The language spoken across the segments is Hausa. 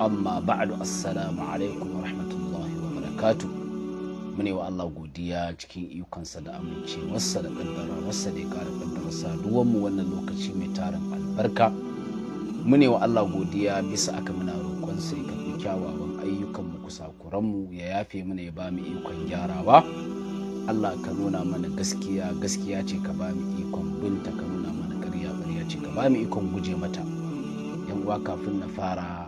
amma ba'du assalamu alaikum wa rahmatullahi wa barakatu mune wa Allah godiya cikin ikonsa da amincewarsa da wasa da ya kara kaddararsa duwanmu wannan lokaci mai tarin albarka mune wa Allah godiya bisa aka muna roƙon sai ka fi kyawawan ayyukan mu kusakuran mu ya yafe mana ya ba mu ikon gyarawa Allah ka nuna mana gaskiya gaskiya ce ka ba mu ikon binta ka nuna mana ƙarya ƙarya ce ka ba mu ikon guje mata yan uwa kafin na fara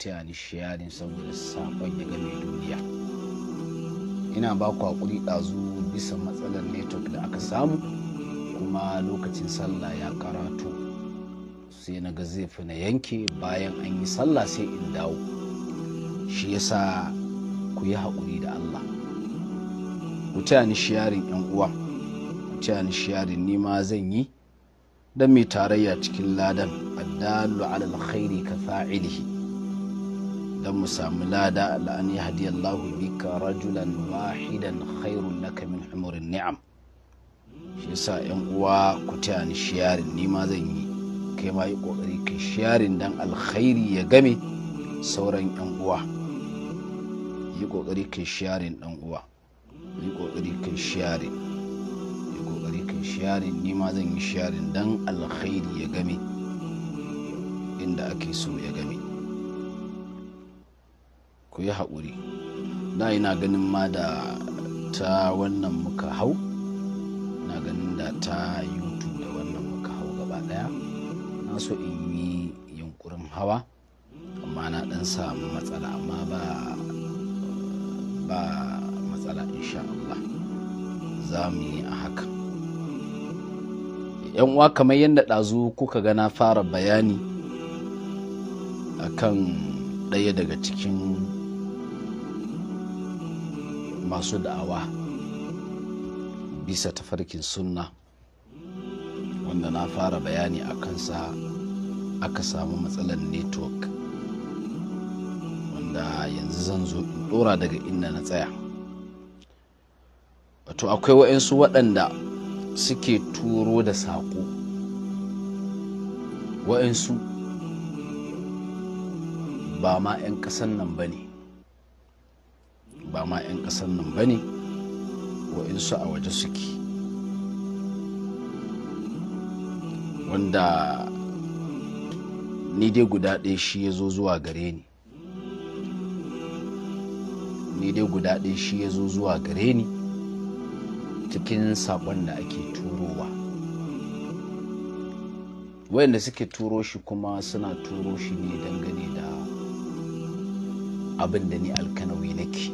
taya ni sharing saboda sakon ya game duniya ina ba ku hakuri ɗazu bisa matsalar network da aka samu kuma lokacin sallah ya karatu sai na ga zai na yanke bayan an yi sallah sai in dawo shi yasa ku yi haƙuri da Allah ku taya ni sharing yan uwa ku taya ni sharing ni zan yi dan mai tarayya cikin ladan addalu ala alkhairi ka fa'ilihi don mu samu lada la'ani hadiyallahu bika rajulan wahidan khairun laka min umurin ni'am shi yasa yan uwa ku taya ni shiyarin ni ma zan yi kai ma yi kokari kai shiyarin dan alkhairi ya game sauran yan uwa yi kokari kai shiyarin dan uwa yi kokari kai shiyarin yi kokari kai shiyarin ni ma zan yi shiyarin dan alkhairi ya game inda ake so ya game ku yi haƙuri da ina ganin ma da ta wannan muka hau na ganin da ta yutu da wannan muka hau gaba ɗaya na so in yi yunkurin hawa amma na ɗan samu matsala amma ba ba matsala insha Allah za mu yi a haka yan uwa kamar yadda ɗazu kuka ga na fara bayani akan ɗaya daga cikin masu da'awa bisa tafarkin sunna wanda na fara bayani a kansa aka samu matsalar network wanda yanzu zan zo in dora daga inda na tsaya wato akwai wa'insu waɗanda suke turo da saƙo wa'insu ba ma 'yan ƙasan nan ba ne ba ma 'yan ƙasar nan ba ne wa'insu a waje suke wanda ni dai guda ɗaya shi ya zo zuwa gare ni ni dai guda ɗaya shi ya zo zuwa gare ni cikin saƙon da ake turowa wayanda suke turo shi kuma suna turo shi ne dangane da abin da ni alkanawi nake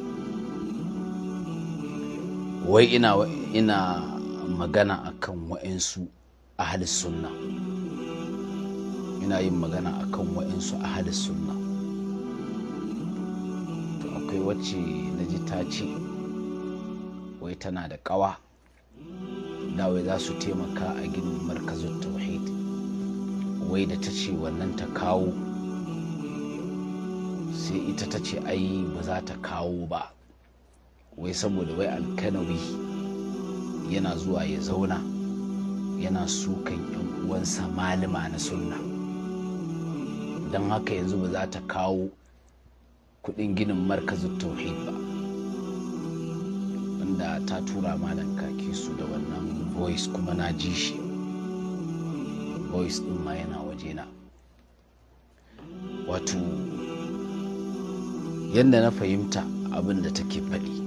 wai ina ina magana akan wa'insu ahalis sunna ina yin magana akan wa'insu ahalis sunna to akwai wacce na ji ta ce wai tana da kawa wai za su taimaka a ginin markazin tauhid wai da ta ce wannan ta kawo sai ita ta ce ai ba za ta kawo ba wai saboda wai alkanawi yana zuwa ya zauna yana sukan yan uwansa malama na sunna don haka yanzu ba za ta kawo kudin ginin markazin tauhid ba wanda ta tura malam kaki su da wannan voice kuma na ji shi voice ɗin ma yana waje na. wato yadda na fahimta abin da take faɗi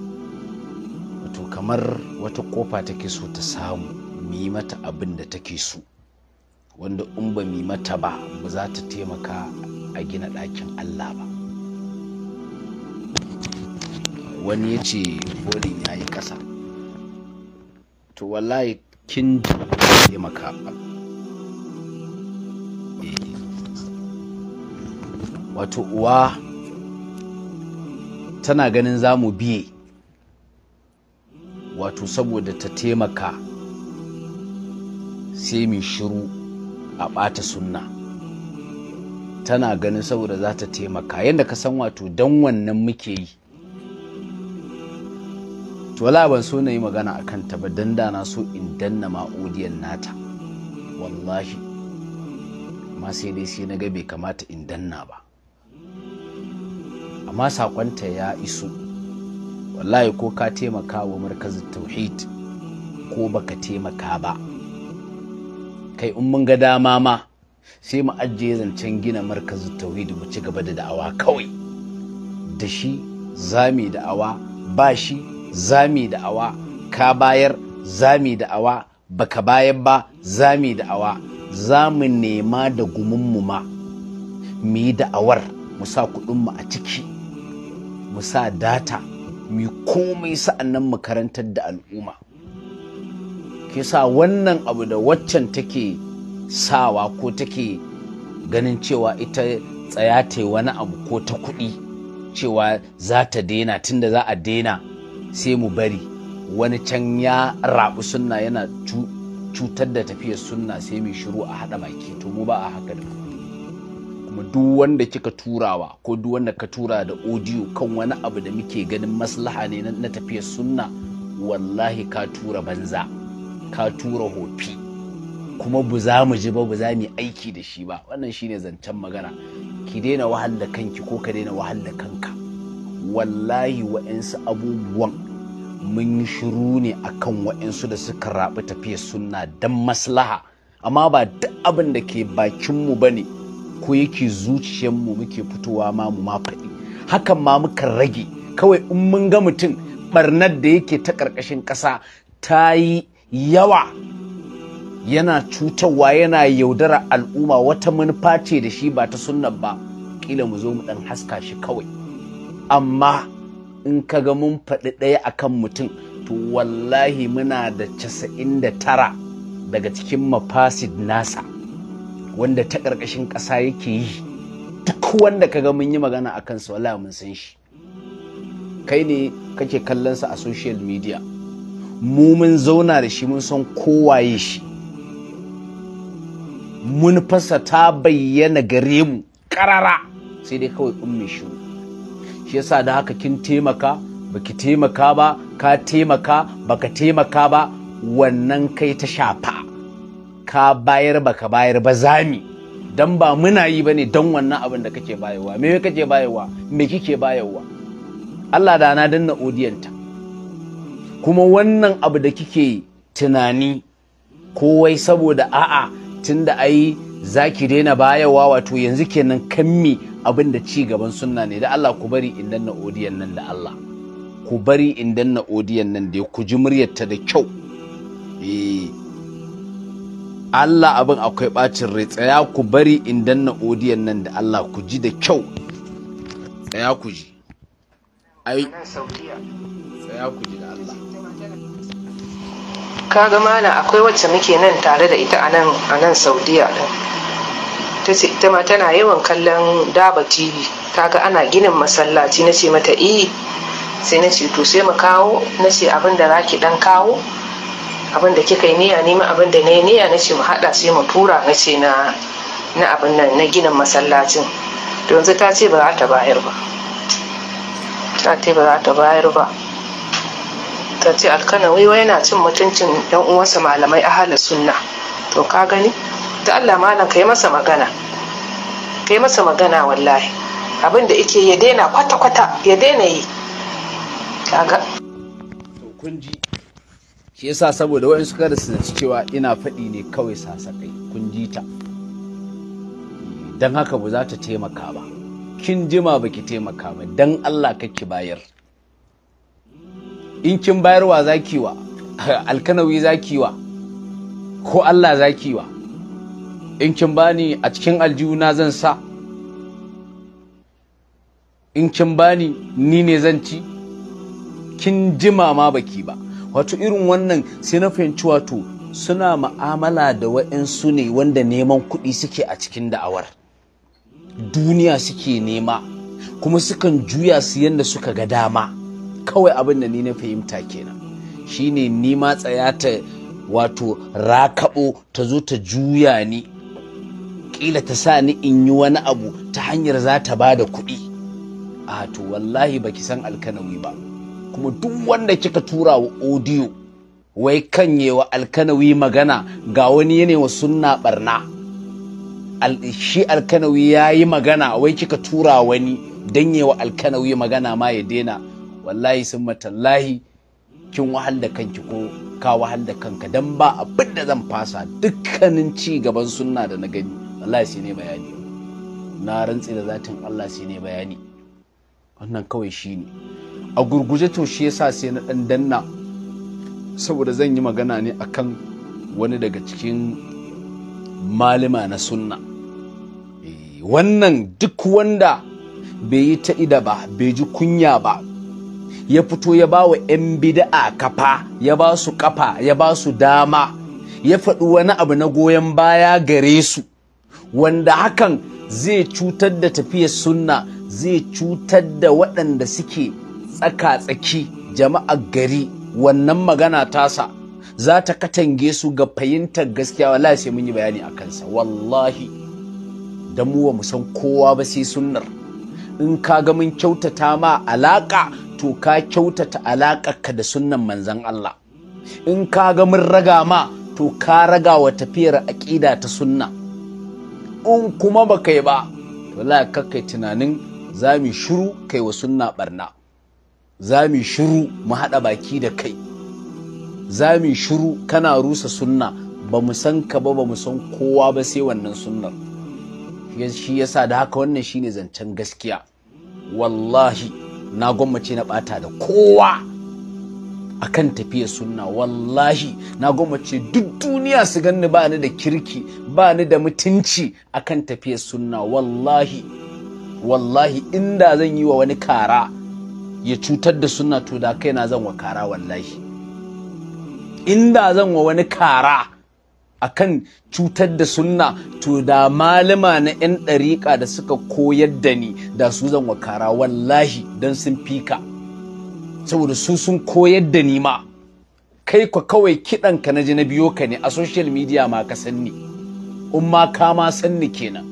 kamar wata kofa take so ta samu yi mata abin da take so wanda in ba mi mata ba ba za ta taimaka a gina ɗakin Allah ba wani ya ce bolin ya yi ƙasa to wallahi kin ji taimaka eh. wato uwa tana ganin za mu biye wato saboda ta taimaka sai mai shiru a ɓata sunna tana ganin saboda za ta taimaka yadda ka san wato don wannan muke yi to wala ban so na yi magana a kanta ba don da so in danna ma nata wallahi amma sai dai sai na ga bai kamata in danna ba amma sakonta ya iso wallahi ko ka taimaka wa markazin tauhid ko baka taimaka ba kai in mun ga dama ma sai mu ajiye zancen gina markazin tauhid mu ci gaba da da'awa kawai da shi zami da'awa ba shi zami da'awa ka bayar zami da'awa baka bayar ba zami da'awa za mu nema da gumunmu ma mu yi da'awar mu sa kuɗinmu a ciki mu sa data mu komai sa'annan mu karantar da al'umma kisa wannan abu da waccan take sawa ko take ganin cewa ita tsaya ta wani abu ko ta kuɗi cewa za ta daina tunda za a daina sai mu bari wani can ya rabu sunna yana cutar da tafiyar sunna sai mai shiru a haɗa baki to mu ba a haka da mu duk wanda kika turawa ko duk wanda ka tura da audio kan wani abu da muke ganin maslaha ne na tafiyar sunna wallahi ka tura banza ka tura hofi kuma bu za mu ji ba bu za mu aiki da shi ba wannan shine zancen magana ki daina wahal kanki ko ka daina wahal kanka wallahi wa'insu abubuwan mun yi shiru ne akan wa'insu da suka rabu tafiyar sunna don maslaha amma ba duk abin da ke bakinmu ba ne ko yake mu muke fitowa ma mu ma faɗi hakan ma muka rage kawai in mun ga mutum ɓarnar da yake ta ƙarƙashin ƙasa ta yi yawa yana cutarwa yana yaudara al'umma wata manufa ce da shi ba ta sunnan ba ƙila mu zo mu ɗan haska shi kawai amma in ka ga mun faɗi ɗaya akan mutum to wallahi muna da casa'in tara daga cikin mafasid nasa wanda ta ƙarƙashin ƙasa yake yi duk wanda ka ga mun yi magana a kansa wala mun san shi kai ne kake kallon sa a social media mu mun zauna da shi mun san kowaye shi mun fasa ta bayyana gare mu karara sai dai kawai ummi shi shi yasa da haka kin taimaka baki taimaka ba ka taimaka baka taimaka ba wannan kai ta shafa ka bayar ba ka bayar ba zami Don ba muna yi ba ne don wannan abin da kake bayarwa me kake bayarwa me kike bayarwa Allah da na danna odiyanta kuma wannan abu da kike tunani ko wai saboda a'a tunda ai ki daina bayarwa wato yanzu kenan kammi abin da ci gaban sunna ne da Allah ku bari in danna odiyan nan da Allah ku bari in danna odiyan nan da ku ji muryarta da kyau eh Allah abin akwai ɓacin rai tsaya ku bari in danna odiyan nan da Allah ku ji da kyau tsaya ku ji ai tsaya ku ji da Allah kaga mana akwai wacce muke nan tare da ita anan anan Saudiya din ce ita ma tana yawan kallon daba TV ta ga ana ginin masallaci na ce mata eh sai na ce to sai mu kawo Na ce abin da zaki dan kawo abin da kika yi niyya nima abin da na yi niyya na ce mu haɗa sai mu tura na ce na na abin nan na ginin masallacin to yanzu ta ce ba za ta bayar ba ta ce ba za ta bayar ba ta ce alkana wai yana cin mutuncin yan uwansa malamai ahala sunna to ka gani ta Allah malam kai masa magana kai masa magana wallahi abin da yake ya daina kwata-kwata ya daina yi kaga kun ji shi yasa saboda waɗansu kada su zaci cewa ina faɗi ne kawai sasakai kun ji ta don haka ba za ta taimaka ba kin jima ba ki taimaka ba don Allah kake bayar in kin bayarwa za ki wa alkanawi za ki wa ko Allah za ki wa in kin bani a cikin aljihuna zan sa in kin bani ni ne zan ci kin jima ma baki ba wato irin wannan sai na fahimci wato suna ma'amala da wa'insu ne wanda neman kuɗi suke a cikin da'awar duniya suke nema kuma sukan juya su yadda suka ga dama kawai abin da ni na fahimta kenan shine ni ma tsaya ta wato rakaɓo ta zo ta juya ni ƙila ta sa ni in yi wani abu ta hanyar za ta ba da kuɗi a to wallahi baki san alkanawi ba kuma duk wanda kika tura wa odiyo wai kanye wa alkanawi magana ga wani yane wa sunna barna shi alkanawi ya yi magana wai kika tura wani dan wa alkanawi magana ma ya daina wallahi sun matallahi kin wahal da kanki ko ka wahal da kanka dan ba abin da zan fasa dukkanin ci gaban sunna da na gani wallahi shi ne bayani na rantsi da zatin Allah sai ne bayani wannan kawai shine a gurguje to shi yasa sai na dan danna saboda zan yi magana ne akan wani daga cikin malima na sunna eh, wannan duk wanda bai yi ta ida ba bai ji kunya ba ya fito ya ba wa 'yan bida'a kafa ya ba su kafa ya ba su dama ya faɗi wani abu na goyon baya gare su wanda hakan zai cutar da tafiyar sunna zai cutar da waɗanda suke tsaka-tsaki jama'ar gari wannan magana tasa za ta katange su ga fahimtar gaskiya wallahi sai mun yi bayani a kansa wallahi da mu wa san kowa ba sai sunnar in ka ga mun kyautata ma alaka to ka kyautata ka da sunnan manzan Allah in ka ga mun raga ma to ka raga wa tafiyar aƙida ta sunna in kuma ba kai ba to la kakkai tunanin za mu shiru kai wa sunna barna za mu shiru mu haɗa baki da kai za mu shiru kana rusa sunna ba mu san ka ba ba mu san kowa ba sai wannan sunnar shi yasa da haka wannan shine zancen gaskiya wallahi na gwammace na bata da kowa akan tafiyar sunna wallahi na gwammace duk duniya su ganni ba ni da kirki ba ni da mutunci akan tafiyar sunna wallahi wallahi inda zan yi wa wani kara ya cutar da suna to da kai zan wa kara wallahi inda zan wa wani kara akan cutar da sunna to da malama na 'yan ɗariƙa da suka koyar da ni da su zan wa kara wallahi don sun fika saboda su sun koyar da ni ma kai ka kawai kiɗan ka na ji na biyo ka ne a social media ma ka san ni in ma ka san ni kenan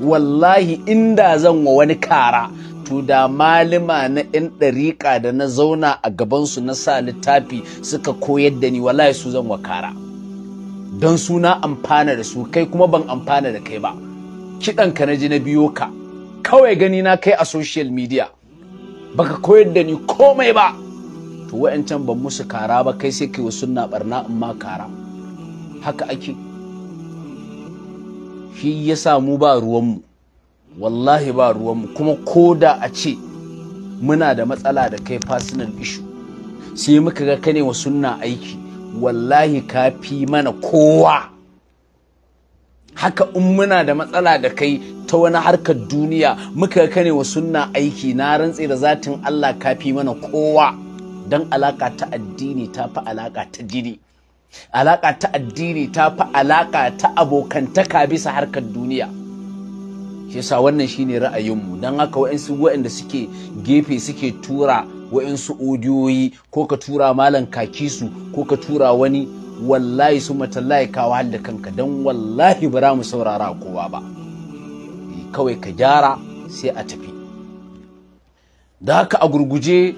wallahi inda zan wa wani kara rubutu da malima na 'yan ɗariƙa da na zauna a gabansu na sa littafi suka koyar da ni wallahi su zan wakara don suna amfana da su kai kuma ban amfana da kai ba kiɗan ka na ji na biyo ka kawai gani na kai a social media baka koyar da ni komai ba to wa'yancan ban musu kara ba kai sai kai wa sunna barna in ma kara haka ake shi ya samu ba ruwanmu wallahi ba ruwanmu kuma ko da a ce muna da matsala da kai personal issue sai muka ga kane wa sunna aiki wallahi ka fi mana kowa haka in muna da matsala da kai ta wani harkar duniya muka kane wa sunna aiki na rantse da zatin Allah ka fi mana kowa Dan alaka ta addini ta fi alaka ta jini alaka ta addini ta fi alaka ta abokantaka bisa harkar duniya shi yasa wannan shine ra'ayinmu don haka wa'insu waɗanda suke gefe suke tura wa'insu odiyoyi ko ka tura malam kaki su ko ka tura wani wallahi su matallahi kawo hal da kanka don wallahi ba mu saurara kowa ba eh, kawai ka gyara sai a tafi da haka a gurguje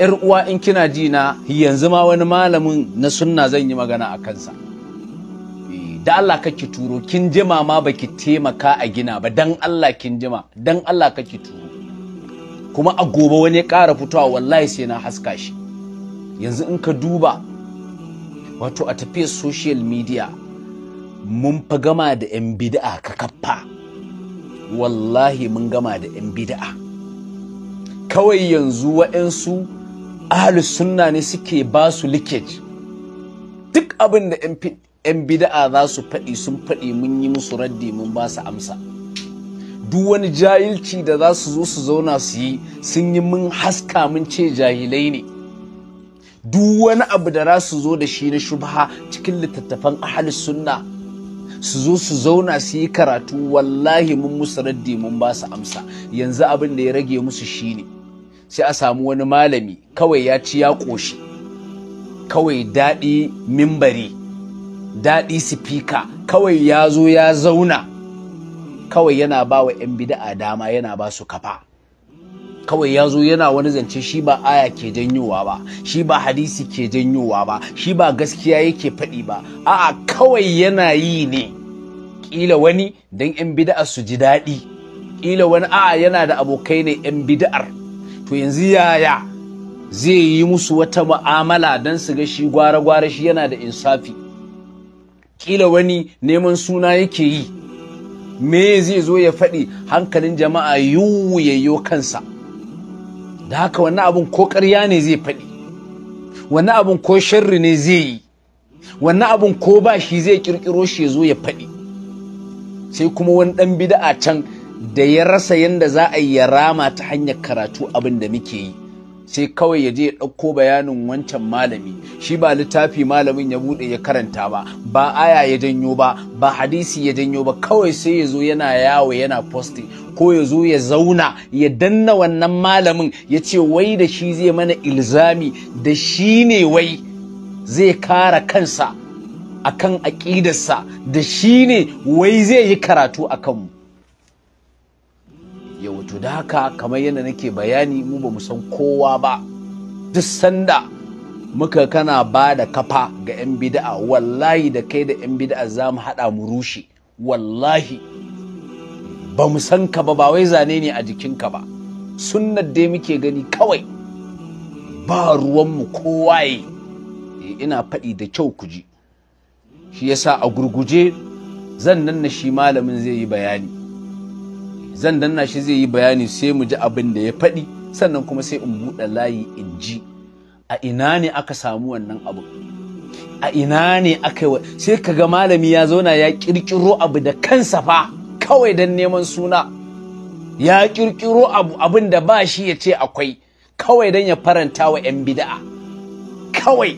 yar uwa in kina ji na yanzu ma wani malamin na sunna zan yi magana a kansa da Allah kake turo kin jima ma baki taimaka a gina ba dan Allah kin jima dan Allah kake turo kuma a gobe wani ƙara fitowa wallahi sai na haska shi yanzu in ka duba wato a tafiyar social media mun fa gama da 'yan bid'a ka kaffa wallahi mun gama da 'yan bid'a kawai yanzu wa'yansu ahalus sunna ne suke ba su leakage duk abin da 'yan 'yan bida'a za su faɗi sun faɗi mun yi musu raddi mun ba su amsa duk wani jahilci da za su zo su zauna su yi sun yi mun haska mun ce jahilai ne duk wani abu da za su zo da shi na shubha cikin littattafan ahal sunna su zo su zauna su yi karatu wallahi mun musu raddi mun ba su amsa yanzu abin da ya rage musu shi ne. sai a samu wani malami kawai ya ci ya ƙoshi kawai daɗi mimbari daɗi sifika kawai ya zo ya zauna kawai yana ba wa 'yan bida'a dama yana ba su kafa kawai ya zo yana wani zance shi ba aya ke janyowa ba shi ba hadisi ke janyowa ba shi ba gaskiya yake faɗi ba a'a kawai yana yi ne ƙila wani don 'yan bida'a su ji daɗi ƙila wani a'a yana da abokai ne 'yan bida'ar to yanzu yaya zai yi musu wata mu'amala don su ga shi gwara-gwara shi yana da insafi kila wani neman suna yake yi me zai zo ya faɗi hankalin jama'a yiwu yayyo kansa da haka wani abin ko ƙarya ne zai faɗi wani abin ko sharri ne zai yi wani abin ko ba shi zai ƙirƙiro shi ya zo ya faɗi sai kuma wani ɗan bida'a can da ya rasa yadda za a yi ya rama ta hanyar karatu abin da muke yi sai kawai ya je ya ɗauko bayanin wancan malami shi ba littafi malamin ya buɗe ya karanta ba ba aya ya janyo ba ba hadisi ya janyo ba kawai sai ya zo yana yawo yana posti ko ya zo ya zauna ya danna wannan malamin ya ce wai da shi zai mana ilzami da shi ne wai zai kara kansa akan aƙidarsa da shi ne wai zai yi karatu a kanmu ya to da haka kamar yadda nake bayani mu ba mu san kowa ba duk sanda muka kana ba da kafa ga 'yan bida'a wallahi da kai da 'yan bida'a za mu haɗa mu rushe wallahi ba mu san ka ba ba wai zane ne a jikinka ba sunnar dai muke gani kawai ba ruwanmu kowa yi eh, ina faɗi da kyau ku ji shi yasa a gurguje zan nan na shi malamin zai yi bayani zan danna shi zai yi bayani sai mu ji abin da ya faɗi sannan kuma sai in buɗe layi in ji a ina ne aka samu wannan abu a ina ne aka yi sai ka ga malami ya zauna ya ƙirƙiro abu da kansa fa kawai don neman suna ya ƙirƙiro abu abin da ba shi ya ce akwai kawai don ya faranta wa 'yan bida'a kawai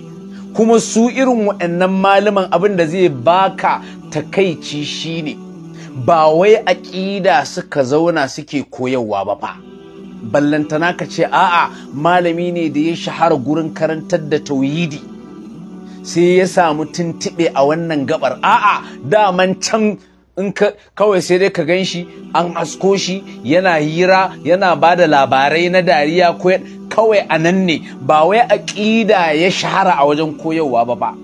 kuma su irin waɗannan malaman abin da zai baka takaici shine ne ba wai aƙida suka zauna suke koyarwa ba fa ballantana ka ce a'a malami ne da ya shahara gurin karantar da tauhidi sai ya samu tuntube a wannan gabar a'a daman can in ka kawai sai dai ka gan shi an asko shi yana hira yana ba da labarai na dariya kawai a nan ne ba wai aƙida ya shahara a wajen koyarwa ba ba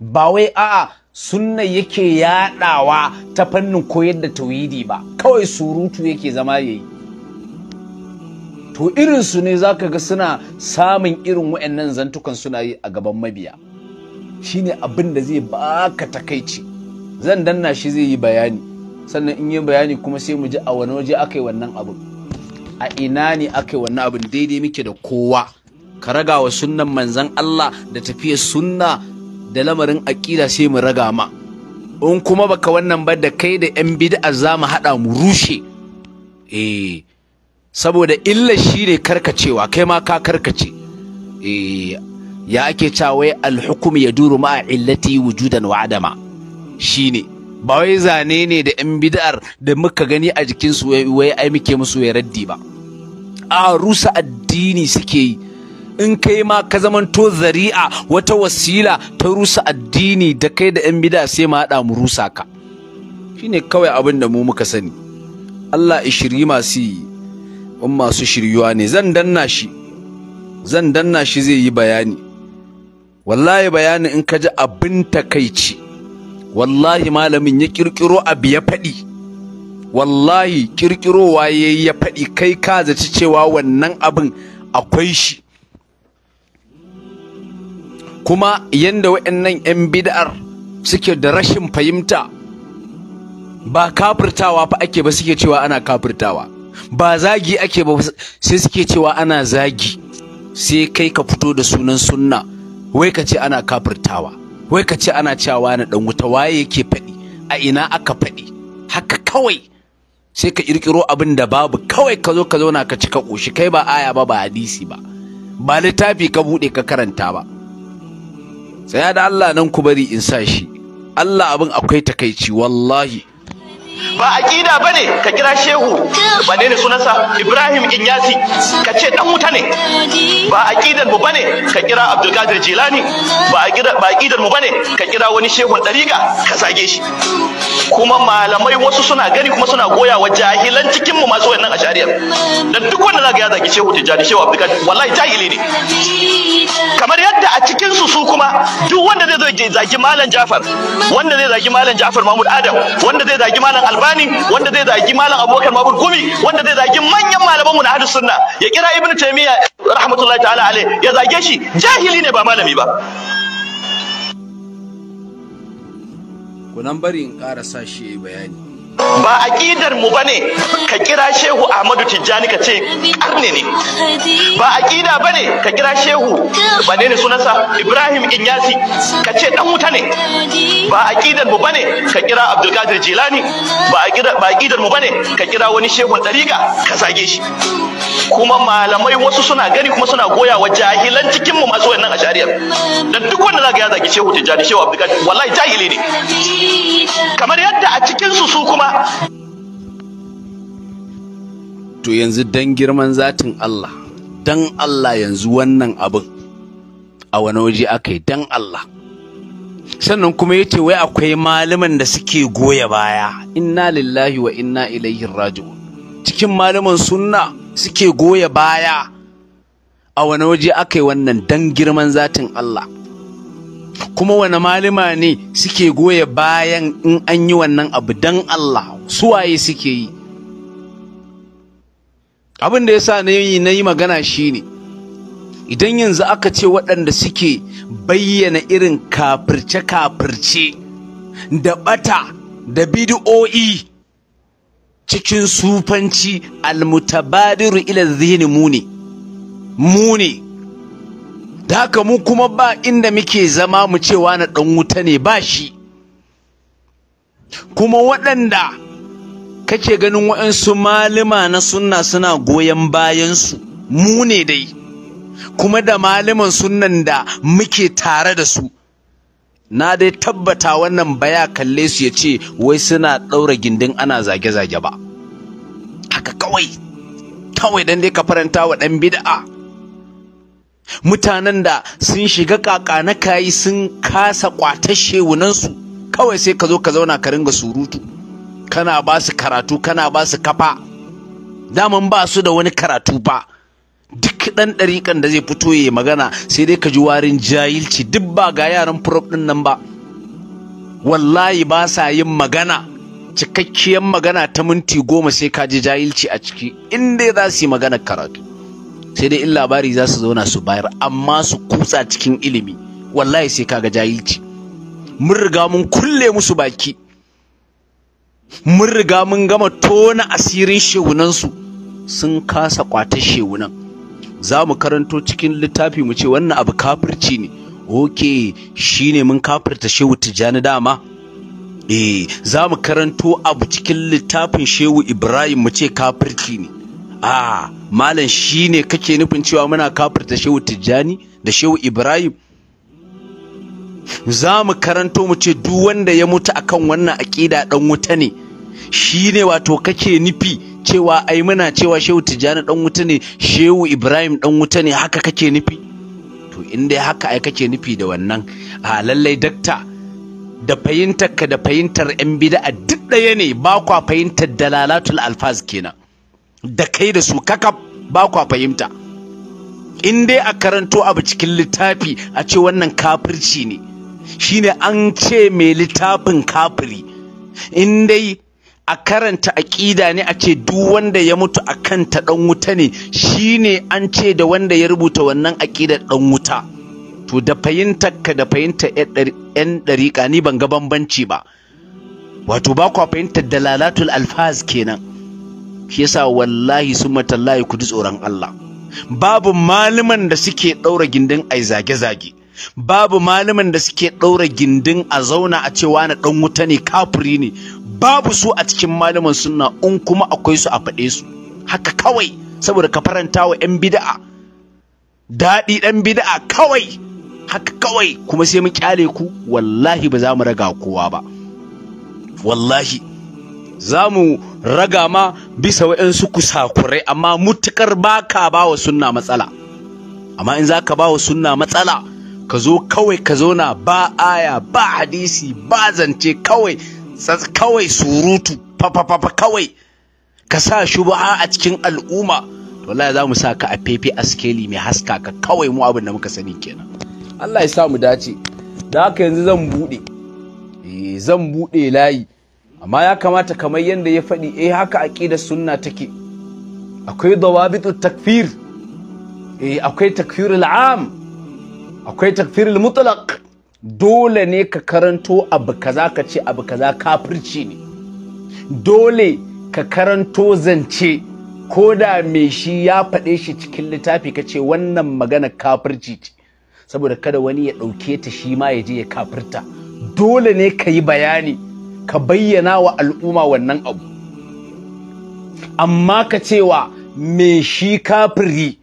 ba wai a'a sunna yake yaɗawa ta fannin koyar da tauhidi ba kawai surutu yake zama yayi to irin su ne zaka ga suna samun irin wa'annan zantukan suna yi a gaban mabiya shine abin da zai baka takaici zan danna shi zai yi bayani sannan in yi bayani kuma sai mu ji a wani waje aka yi wannan abu. a ina ne aka yi wannan abin daidai muke da kowa ka ragawa wa sunnan manzan Allah da tafiyar sunna da lamarin aƙida sai mu raga ma in kuma baka wannan ba da kai da yan bid'a za mu haɗa mu rushe eh saboda illa shi ne karkacewa kai ma ka karkace eh ya ake cewa wai alhukum ya duru a illati wujudan wa adama shine ba wai zane ne da yan bid'ar da muka gani a jikinsu wai ai muke musu ya raddi ba a rusa addini suke yi in kai ma ka zamanto zari'a wata wasila ta rusa addini da kai da 'yan bida sai ma haɗa mu rusa ka shine kawai abin da mu muka sani Allah ishiri masu yi in masu shiryuwa ne zan danna shi zan danna shi zai yi bayani wallahi bayani in ka ji abin takaici wallahi malamin ya kirkiro abu ya faɗi wallahi kirkirowa ya ya faɗi kai ka zaci cewa wannan abin akwai shi kuma yadda waɗannan 'yan bid'ar suke da rashin fahimta ba kafirtawa fa ake ba suke cewa ana kafirtawa ba zagi ake ba sai suke cewa ana zagi sai kai ka fito da sunan sunna wai ka ce ana kafirtawa wai ka ce ana cewa na dan wuta waye yake faɗi a ina aka faɗi haka kawai sai ka ƙirƙiro abin da babu kawai ka zo ka zauna ka cika ƙoshi kai ba aya ba ba hadisi ba ba littafi ka buɗe ka karanta ba tsaya da Allah nan ku bari in sa shi Allah abin akwai takaici wallahi ba aqida bane ka kira shehu wane ne sunansa Ibrahim Inyasi ka ce dan wuta ne ba aqidar mu bane ka kira Abdul Qadir Jilani ba aqidar ba aqidar mu bane ka kira wani shehun dariga ka sage shi kuma malamai wasu suna gani kuma suna goya wa jahilan cikin mu masu wannan ashariya dan duk wanda zaka ya zaki shehu tijani shehu Abdul Qadir wallahi jahili ne kamar yadda a cikin su su kuma duk wanda zai zo zaki malam Jafar wanda zai zaki malam Jafar Mahmud Adam wanda zai zaki malam albani wanda zai zagi malam abubakar mabul gumi wanda zai zagi manyan malaman mu na hadis sunna ya kira ibnu Taymiyyah rahmatullahi ta'ala alaihi ya zage shi jahili ne ba malami ba kunan bari in ƙara sa shi bayani ba aqidar mu bane ka kira shehu Ahmadu Tijjani ka ce karne ne ba aqida bane ka kira shehu bane ne sunansa Ibrahim Inyasi ka ce dan wuta ne ba aqidar mu bane ka kira Abdul Jilani ba aqidar ba mu bane ka kira wani shehu dariga ka sage shi kuma malamai wasu suna gani kuma suna goya wa jahilan cikin mu masu wannan ashariyar da duk wanda zaka ya zaki shehu tijani shehu abdulkadir wallahi jahili ne kamar yadda a cikin su su kuma to yanzu dan girman zatin Allah dan Allah yanzu wannan abin a wani waje aka yi dan Allah sannan kuma ya ce wai akwai malaman da suke goya baya inna lillahi wa inna ilaihi raji'un cikin malaman sunna suke goya baya a wani waje aka yi wannan dan girman zatin Allah kuma wani malima ne suke goya bayan in an yi wannan abu dan Allah suwaye suke yi abin da ya sa na yi magana shine idan yanzu aka ce waɗanda suke bayyana irin kafirce-kafirce da ɓata da bidi'o'i cikin sufanci almutabadiru ila zihini mune muni da haka mu kuma ba inda muke zama mu cewa na ɗan wuta ne ba shi kuma waɗanda kake ganin waɗansu malama na sunna suna goyon bayansu mu ne dai kuma da malaman sunnan da muke tare da su na dai tabbata wannan baya kalle su ya ce wai suna ɗaura gindin ana zage-zage ba haka kawai kawai dan dai ka faranta wa ɗan bida'a mutanen da sun shiga kaka na kayi sun kasa kwatar shewunansu kawai sai ka zo ka zauna ka ringa surutu kana ba su karatu kana ba su kafa daman ba su da wani karatu ba Kiɗan ɗariƙan da zai fito ya magana sai dai ka ji warin jahilci duk ba ga yaran prof ɗin nan ba wallahi ba sa yin magana cikakkiyar magana ta minti goma sai ka ji jahilci a ciki inda za su yi magana karatu sai dai in labari za su zauna su bayar amma su kutsa cikin ilimi wallahi sai kaga jahilci mun riga mun kulle musu baki mun riga mun gama tona asirin shewunansu sun kasa kwata shewunan za mu karanto cikin littafi mu ce wannan abu kafirci ne ok ne mun kafirta shehu tijjani dama e za mu karanto abu cikin littafin shehu ibrahim mu ce kafirci ne a malam shi ne kake nufin cewa muna kafirta shehu tijjani da shehu ibrahim za mu karanto mu ce duk wanda ya mutu akan wannan aƙida ɗan wuta ne Shi ne wato kake nufi cewa ai muna cewa shehu tijjani dan wuta ne shehu ibrahim dan wuta ne haka kake nufi to in dai haka ai kake nufi da wannan a lallai dakta da fahimtar ka da fahimtar yan bid'a duk ɗaya ne ba kwa fahimtar dalalatul alfaz kenan da kai da su kakab ba kwa fahimta in dai a karanto abu cikin littafi a ce wannan kafirci ne shine an ce mai littafin kafiri in dai a karanta aƙida ne a ce duk wanda ya mutu a kanta ɗan wuta ne shine an ce da wanda ya rubuta wannan aƙidar ɗan wuta to da fahimtar ka da fahimtar 'yan ɗariƙa ni ban ga bambanci ba wato ba kwa fahimtar dalalatul alfaz kenan shi yasa wallahi summa tallahi ku ji tsoron Allah babu malaman da suke ɗaura gindin ai zage-zage babu malaman da suke ɗaura gindin a zauna a cewa na ɗan wuta ne kafuri ne babu su a cikin malaman suna in kuma akwai su a faɗe su haka kawai saboda ka faranta wa 'yan bida'a daɗi ɗan bida'a kawai haka kawai kuma sai mu kyale ku wallahi ba za mu raga kowa ba wallahi za mu raga ma bisa wa'yansu kusakurai amma mutukar baka ba wa suna matsala amma in za ka ba wa suna matsala ka zo kawai ka zauna ba aya ba hadisi ba zance kawai kawai surutu fafafafa kawai ka sa ba a cikin al'umma to ya za mu sa ka a fefe a skeli mai haska ka kawai mu abin da muka sani kenan Allah ya sa mu dace da haka yanzu zan buɗe eh zan buɗe layi amma ya kamata kamar yadda ya faɗi eh haka aƙidar sunna take akwai dawabitu takfir eh akwai takfirul am akwai takfirul mutlaq dole ne ka karanto abu kaza ka ce abu kaza kafirci ne dole ka karanto zance ko da me shi ya faɗe shi cikin littafi ka ce wannan magana kafirci ce saboda kada wani ya ɗauke ta shi ma ya je ya kafirta dole ne ka yi bayani ka bayyana wa al'umma wannan abu amma ka cewa me shi kafiri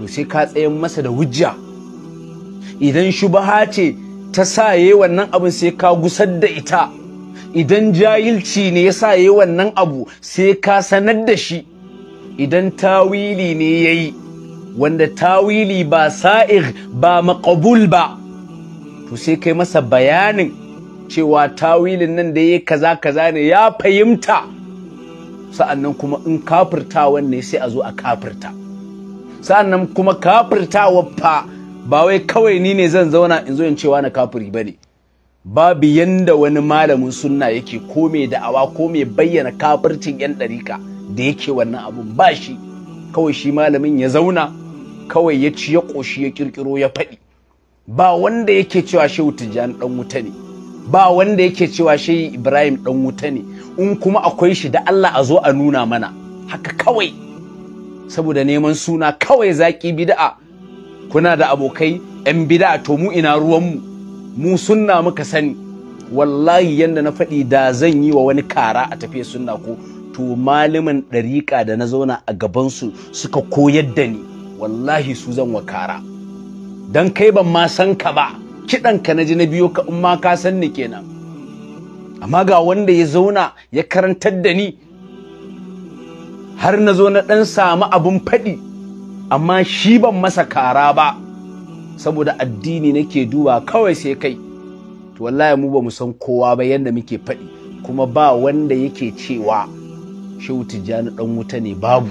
to sai ka tsayen masa da hujja idan shubaha ce ta saye wannan abin sai ka gusar da ita idan jahilci ne ya saye wannan abu sai ka sanar da shi idan tawili ne ya yi wanda tawili ba sa'ir ba maƙabul ba to sai kai masa bayanin cewa tawilin nan da ya kaza kaza ne ya fahimta sa'annan kuma in kafirta ne sai a zo a kafirta sa'annan kuma wa fa ba wai kawai ni ne zan zauna in zo in cewa na kafiri bane babu yanda wani malamin sunna yake ko mai da'awa ko mai bayyana kafircin yan ɗarika da yake wannan abu ba shi kawai shi malamin ya zauna kawai ya ci ya ƙoshi ya ƙirƙiro ya faɗi ba wanda yake cewa shi tijjani ɗan wuta ne ba wanda yake cewa shi ibrahim ɗan wuta ne in kuma akwai shi da allah a zo a nuna mana haka kawai saboda neman suna kawai zaƙi bida'a kuna da abokai 'yan bida to mu ina ruwanmu mu sunna muka sani wallahi yadda na faɗi da zan yi wa wani kara a tafiye sunna ko to malamin ɗariƙa da na zauna a gabansu suka koyar da ni wallahi su zan wa kara don kai ban ma san ka ba kiɗan ka na ji na biyo ka in ma ka san ni kenan amma ga wanda ya zauna ya karantar da ni har na zo na ɗan samu abin faɗi amma shi ban masa kara ba saboda addini nake duba kawai sai kai to wallahi mu ba mu san kowa ba yanda muke faɗi kuma ba wanda yake cewa shehu tijjani dan wuta ne babu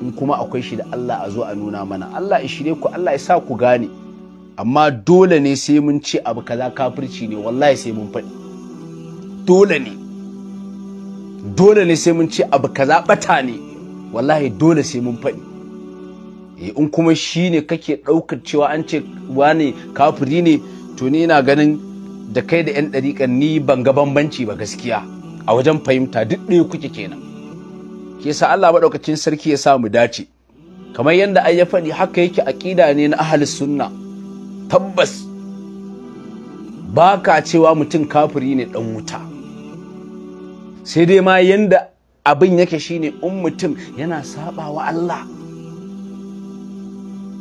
in kuma akwai shi da Allah a zo a nuna mana Allah ya shirye ku Allah ya sa ku gane amma dole ne sai mun ce abu kaza kafirci ne wallahi sai mun faɗi dole ne dole ne sai mun ce abu kaza bata ne wallahi dole sai mun faɗi Eh, in kuma shi ne kake ɗaukar cewa an ce wane kafiri ne to ni ina ganin da kai da 'yan ɗariƙan ni ban ga bambanci ba gaskiya a wajen fahimta duk ɗaya kuke kenan ke sa Allah maɗaukacin sarki ya samu dace kamar yadda an ya faɗi haka yake aƙida ne na ahli sunna tabbas ba ka cewa mutum kafiri ne ɗan wuta sai dai ma yadda abin yake shine in mutum yana wa Allah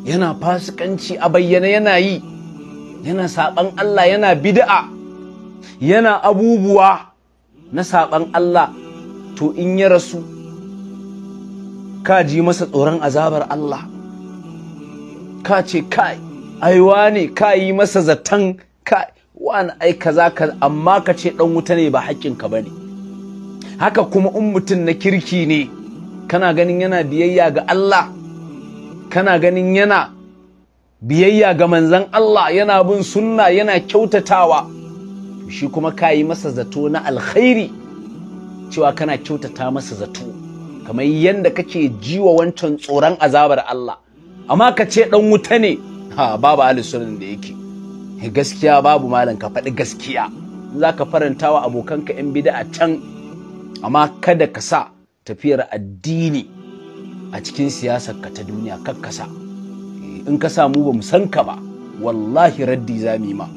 yana fasikanci a bayyana yana yi yana saɓan Allah yana bid'a yana abubuwa na saɓan Allah to in ya rasu ka ji masa tsoron azabar Allah ka ce kai aiwa ne ka yi masa zaton kai wani ai kaza ka amma ka ce dan wuta ne ba haƙƙinka ba ne haka kuma in mutum na kirki ne kana ganin yana biyayya ga Allah kana ganin yana biyayya ga manzan Allah yana bin sunna yana kyautatawa shi kuma ka yi masa zato na alkhairi cewa kana kyautata masa zato kamar yadda kake jiwa wancan tsoron azabar Allah amma ka ce dan wuta ne ha babu alisunan da yake eh, gaskiya babu malam ka faɗi gaskiya za ka faranta wa abokanka 'yan bida a can amma kada ka sa tafiyar addini a cikin siyasar ka ta duniya kakkasa eh, in ka samu ba mu san ka ba wallahi raddi za mu yi ma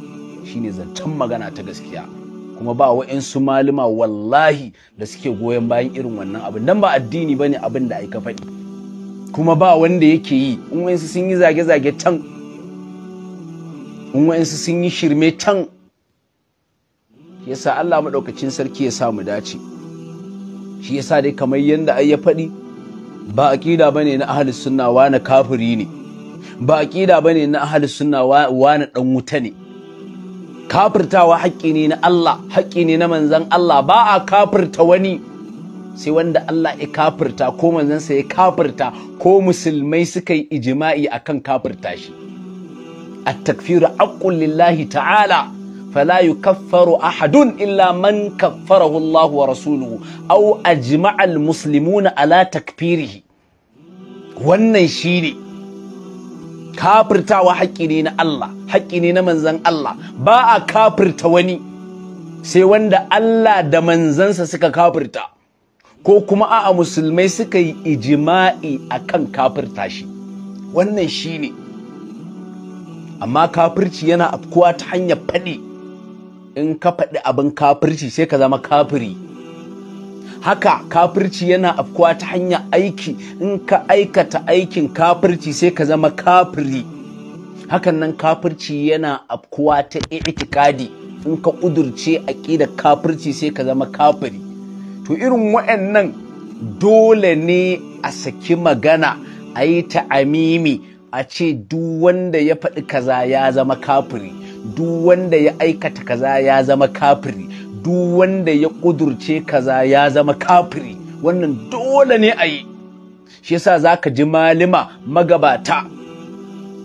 shine zancen magana ta gaskiya kuma ba wa'yansu malama wallahi da suke goyon bayan irin wannan abin dan ba addini bane abin da aika faɗi kuma ba wanda yake yi in wa'insu sun yi zage-zage can in wa'insu sun yi shirme can yasa Allah maɗaukacin sarki ya sa mu dace shi yasa dai kamar yadda ai ya faɗi ba aqida bane na ahli sunna wani kafiri ne ba aqida bane na ahli sunna wani dan wuta ne kafirtawa haƙƙi ne na Allah haƙƙi ne na manzan Allah ba a kafirta wani sai wanda Allah ya kafirta ko manzansa ya kafirta ko musulmai suka yi ijima'i akan kafirta shi A takfiru aqul lillahi ta'ala fala yukaffaru ahadun illa man kaffarahu Allah wa rasuluhu aw ajma'a almuslimuna ala takfirihi wannan shine kafirtawa haƙƙi ne na Allah haƙƙi ne na manzan Allah ba a kafirta wani sai wanda Allah da manzansa suka kafirta ko kuma a'a musulmai suka yi ijima'i akan kafirta shi wannan shine amma kafirci yana afkuwa ta hanyar faɗi in ka faɗi abin kafirci sai ka zama kafiri haka kafirci yana afkuwa ta hanyar aiki in ka aikata aikin kafirci sai ka zama kafiri hakan nan kafirci yana afkuwa ta itikadi in ka ƙudurce aƙidar kafirci sai ka zama kafiri to irin waɗannan dole ne a saki magana a yi ta amimi a ce duk wanda ya faɗi kaza ya zama kafiri duk wanda ya aikata kaza ya zama kafiri duk wanda ya kudurce kaza ya zama kafiri wannan dole ne a yi shi yasa za ka ji malima magabata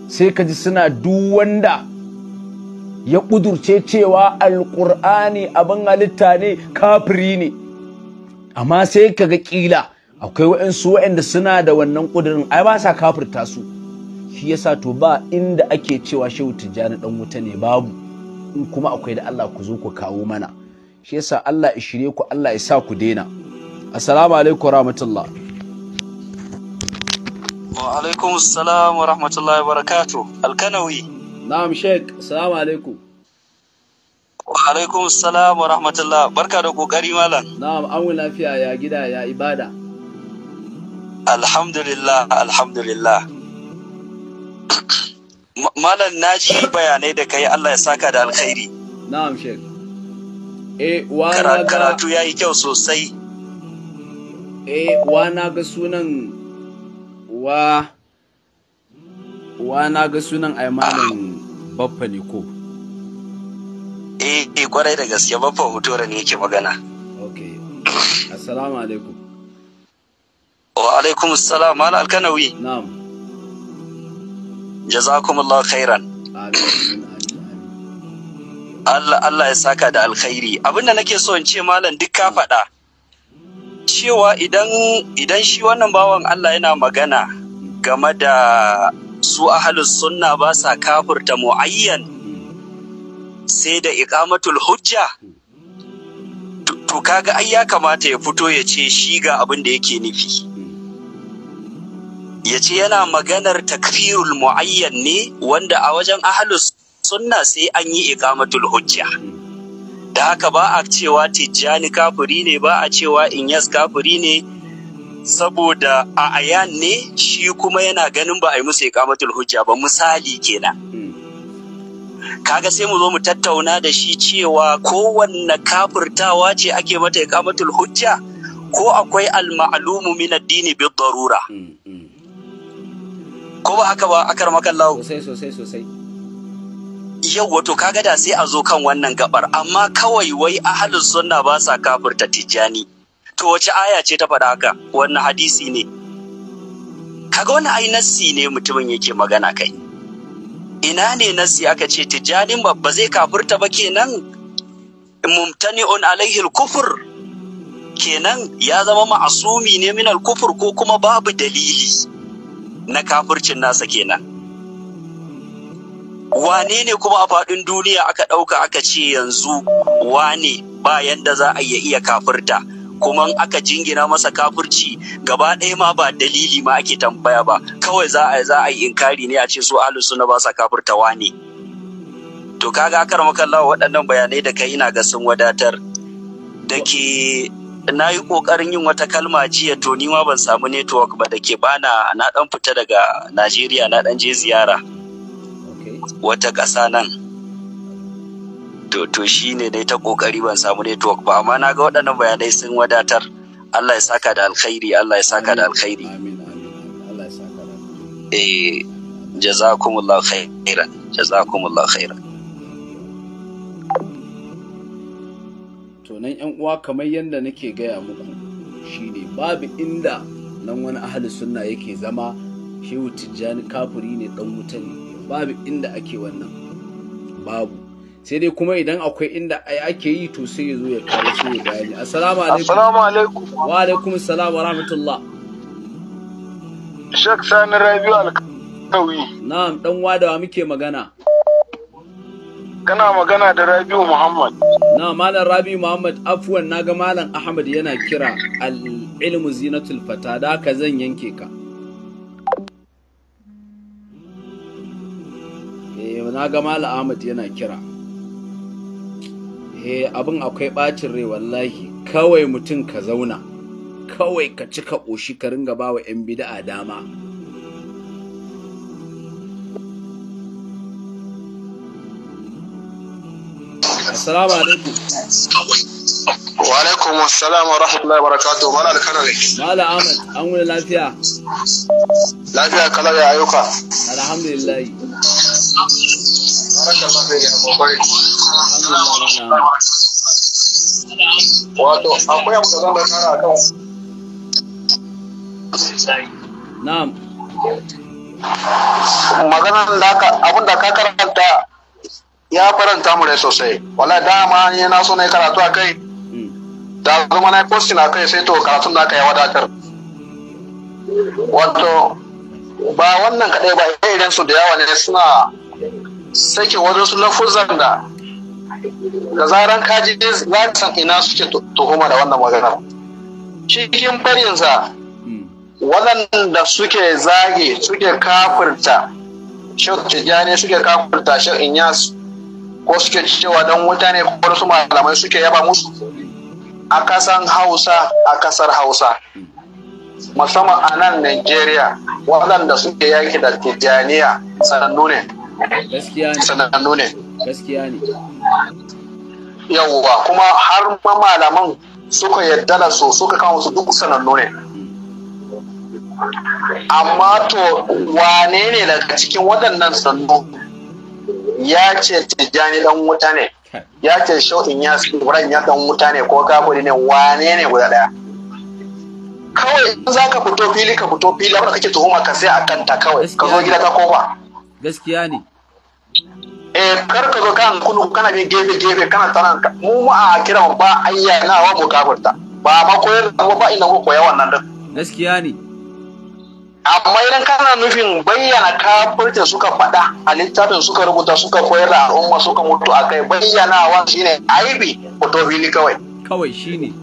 sai ka ji suna duk wanda ya kudurce cewa alƙur'ani abin halitta ne kafiri ne amma sai ka ga ƙila akwai waɗansu waɗanda suna da wannan ƙudurin ai ba sa kafirta su shi yasa to ba inda ake cewa shehu tijjani dan wuta ne babu in kuma akwai da Allah ku zo ku kawo mana shi yasa Allah ya shirye ku Allah ya sa ku daina assalamu alaikum rahmatullah wa alaikum assalam wa rahmatullahi wa barakatuh alkanawi na'am sheik assalamu alaikum wa alaikum assalam wa rahmatullah barka da kokari malam na'am an lafiya ya gida ya ibada alhamdulillah alhamdulillah Malam naji bayanai da kai Allah ya saka da alkhairi. Na'am Sheikh. Eh na karatu kyau sosai. Eh wa na ga sunan wa wa na ga sunan aimanin baffa ne ko. Eh kwarai da gaske baffa hutore ne yake magana. Okay. Assalamu alaikum. Wa alaikum assalam Malam Alkanawi. Na'am. jazakumullahu khairan Allah Allah ya saka da alkhairi abinda nake so in ce malam duk ka faɗa cewa idan idan shi wannan bawan Allah yana magana game da su ahlus sunna ba sa kafirta muayyan sai da iqamatul hujja to kaga ai ya kamata ya fito ya ce shi ga abin da yake nufi ya ce yana maganar takfirul mu'ayyan ne wanda a wajen ahalus sunna sai an yi iqamatul hujja da haka ba a cewa tijjani kafuri ne ba a cewa inyas kafiri ne saboda a ayan ne shi kuma yana ganin ba a yi musu iqamatul hujja ba misali kenan kaga sai mu zo mu tattauna da shi cewa kowanne kafurtawa ce ake mata iqamatul hujja ko akwai al-ma'lumu min ad-dini bi-darura mm, mm. ko ba haka ba akar makallahu sosai sosai sosai yau wato kaga da sai a zo kan wannan gabar amma kawai wai ahlus sunna ba sa kafirta tijani to wace aya ce ta faɗa haka wannan hadisi ne kaga wani ai nassi ne mutumin yake magana kai ina ne nassi aka ce tijjanin ba zai kafirta ba kenan mumtani'un alaihi kufur kenan ya zama ma'asumi ne min al-kufur ko kuma babu dalili na kafircin nasa kenan wane ne kuma a faɗin duniya aka ɗauka aka ce yanzu wane bayan da za a iya kafirta kuma aka jingina masa kafirci gaba ɗaya ma ba dalili ma ake tambaya ba kawai za a za a yi inkari ne a ce su alu suna ba sa kafirta wane to kaga aka makalla waɗannan bayanai da kai ina ga sun wadatar da ke na yi ƙoƙarin yin wata kalma jiya to ni ma ban samu network ba da ke bana na ɗan fita daga Najeriya na ɗan je ziyara. Wata ƙasa nan. To to shi ne dai ta ƙoƙari ban samu network ba amma na ga waɗannan bayanai sun wadatar. Allah ya saka da alkhairi Allah ya saka da alkhairi. Eh jazakumullahu khairan jazakumullahu khairan. nan yan uwa kamar yadda nake gaya muku shine babu inda nan wani ahli sunna yake zama shehu tijjani kafuri ne dan wuta ne babu inda ake wannan babu sai dai kuma idan akwai inda ake yi to sai ya zo ya kare su ya bayani assalamu alaikum wa alaikum assalam wa rahmatullah shak sani rabiu alkawi na'am dan wadawa muke magana kana magana da Rabiu Muhammad. Na Malam Rabiu Muhammad afuwan na ga Malam Ahmad yana kira al'ilmu zinatul fata da aka zan yanke ka. Eh na ga Malam Ahmad yana kira. Eh abin akwai bacin rai wallahi kawai mutum ka zauna kawai ka cika ƙoshi ka ringa bawa 'yan bida'a dama. Assalamu alaikum. Wa alaikum assalam wa rahmatullahi wa barakatuh. Mala alkarare. Mala Ahmad, an wuni lafiya. Lafiya kala ya ayyuka. Alhamdulillah. Barakallahu fi ya kokari. Alhamdulillah. Wato akwai abu da zan bayyana akan Na'am. Maganar da abin da ka karanta ya faranta mu rai sosai wala dama ne na so na karatu a kai da zama na kosti a kai sai to karatun da aka yi wadatar wato ba wannan kadai ba irin su da yawa ne suna sake su lafuzan da da zaran kaji za san ina suke tuhuma da wannan magana cikin farinsa waɗanda suke zage suke kafirta shi tijjani suke kafirta shek inyas ko suke cewa dan wuta ne ko su malamai suke yaba musu a kasan hausa a kasar hausa musamman a nan nigeria waɗanda suke yaki da tijjaniya sanannu ne sanannu ne yawwa kuma har ma malaman suka yadda da su suka kawo su duk sanannu ne amma to wane ne daga cikin waɗannan sanannu ya ce tijjani dan wuta ne ya ce shau'in ya ibrahim ya dan wuta ne ko kafuri ne wane ne guda daya kawai in za ka fito fili ka fito fili abin da kake tuhuma ka sai a kanta kawai ka zo gida ta kofa gaskiya ne eh kar ka zo kan kunu kana bi gefe gefe kana tsanan mu mu a kira ba ayyana wa mu kafurta ba ma koyar da mu ba ina ko koya wannan din gaskiya ne amma idan kana nufin bayyana kafirce suka faɗa a littafin suka rubuta suka koyar da al'umma suka mutu a kai bayyanawa shine aibi to fili kawai kawai shine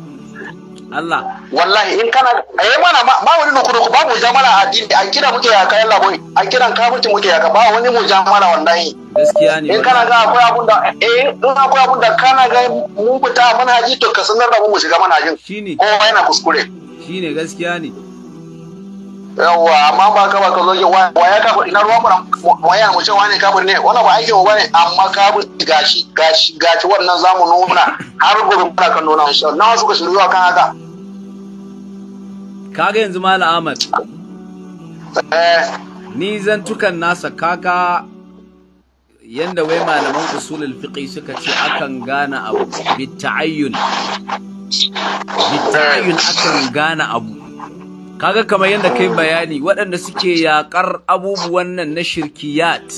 Allah wallahi in kana eh mana ba wani nuku babu jamala a addini A kira muke ya Allah laboi a kiran kafirci muke ya ba wani mu jamala wallahi gaskiya ne in kana ga akwai abun da eh in akwai abun da kana ga mun fita manhaji to ka sanar da mu mu shiga manhajin shine kowa yana kuskure shine gaskiya ne yawwa amma ba ka ba ka zo wa ya kafa ina ruwan mu waya mu ce wani kafir ne wannan ba aikin bane amma kafir gashi gashi gashi wannan zamu nuna har gobe muna kan nuna insha Allah nawa suka shiru zuwa kan haka kaga yanzu malam Ahmad eh. ni zan zantukan nasa kaga yanda wai malaman usulul fiqi suka ce akan gane abu bit ta'ayyun akan gane abu kaga kamar yadda kai bayani waɗanda suke yaƙar abubuwan nan na shirkiyat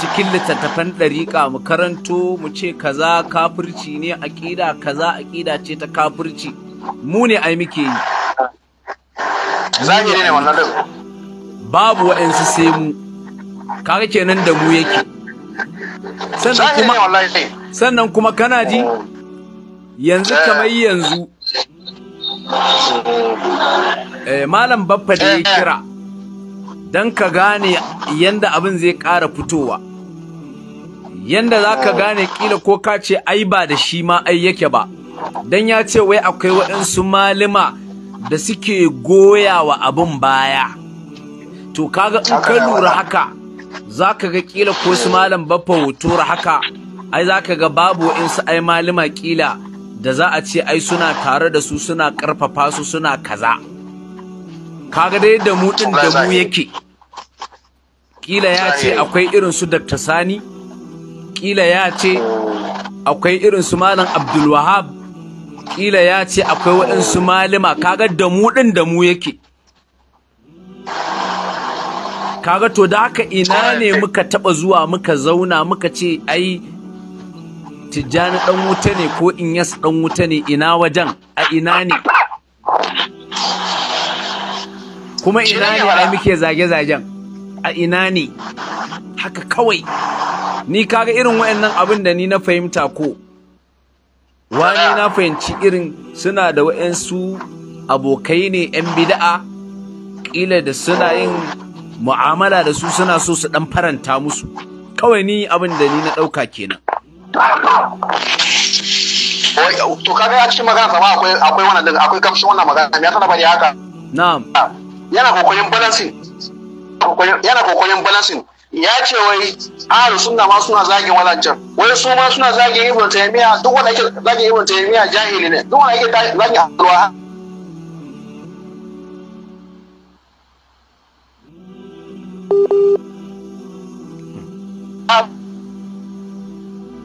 cikin littattafan ɗariƙa mu karanto mu ce kaza kafirci ne aƙida kaza aƙida ce ta kafirci mu ne ai muke yi ne wannan babu waɗansu sai mu kaga kenan da mu yake sannan kuma sannan kuma kana ji yanzu eh. kamar yanzu Eh, malam baffa da ya eh. kira don ka gane yanda abin zai ƙara fitowa yanda za ka gane ƙila ko ka ce ai ba da shi ma ai yake ba don ya ce wai akwai waɗansu malima da suke goyawa wa abin baya to kaga in ka lura haka za ka ga ƙila ko su malam baffa hotora haka ai za ka ga babu waɗansu ai malima ƙila da za a ce ai suna tare da su suna karfafa su suna kaza kaga dai da mu din da mu yake kila ya ce akwai irin su Dr. Sani kila ya ce akwai irin su Malam Abdul Wahab kila ya ce akwai waɗansu malima kaga da mu ɗin da mu yake kaga to da haka ina ne muka taɓa zuwa muka zauna muka ce ai tijjani ɗan wuta ne ko in yas ɗan wuta ne ina wajen a ina ne kuma ina ne ai muke zage-zagen a ina ne haka kawai ni kaga irin wa'annan abin da ni na fahimta ko wani na fahimci irin suna da wa'ansu abokai ne yan bida'a ƙila da suna yin mu'amala da su suna so su ɗan faranta musu kawai ni abin da ni na ɗauka kenan to kaga ya cikin magana sama akwai akwai wannan din akwai kamshin wannan magana me yasa na bari haka na'am yana kokarin balancing yana kokarin balancing ya ce wai ahlus sunna ma suna zagin wadancan wai su ma suna zagin ibn taymiya duk wanda yake zagin ibn jahili ne duk wanda yake zagin alwa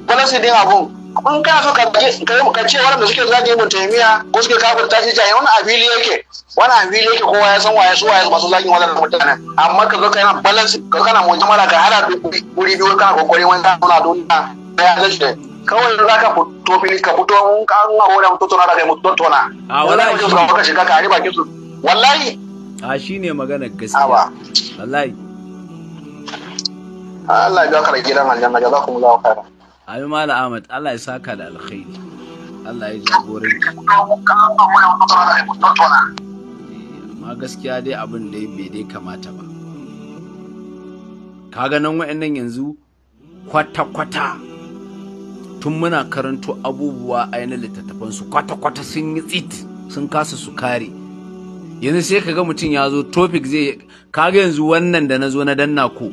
sai dai abun in ka so ka ce waɗanda suke zaje ibn taimiya ko suke ta ce jaye wani abili yake wani abili yake kowa ya san waye su waye masu zagin wannan mutane amma ka zo kana balance ka kana jama'a ka hada guri biyu kana kokari wani ka nuna duniya ya zai zace kawai za ka fito fili ka fito mun ka an hawo da mutuna da kai mutuna a wallahi ka ka shiga ka ari bakin su wallahi a shine maganar gaskiya wallahi Allah ya ga ka gidan aljanna jazakumullahu khairan Abi Mala Ahmad, Allah ya saka da alkhairi. Allah ya ki. Amma gaskiya dai abin da bai dai kamata ba. Kaga nan wa'annan yanzu kwata-kwata tun muna karanto abubuwa a yanar su kwata-kwata sun yi tsit sun kasa su kare. Yanzu sai ka ga mutum ya zo topic zai kaga yanzu wannan da na zo na danna ko.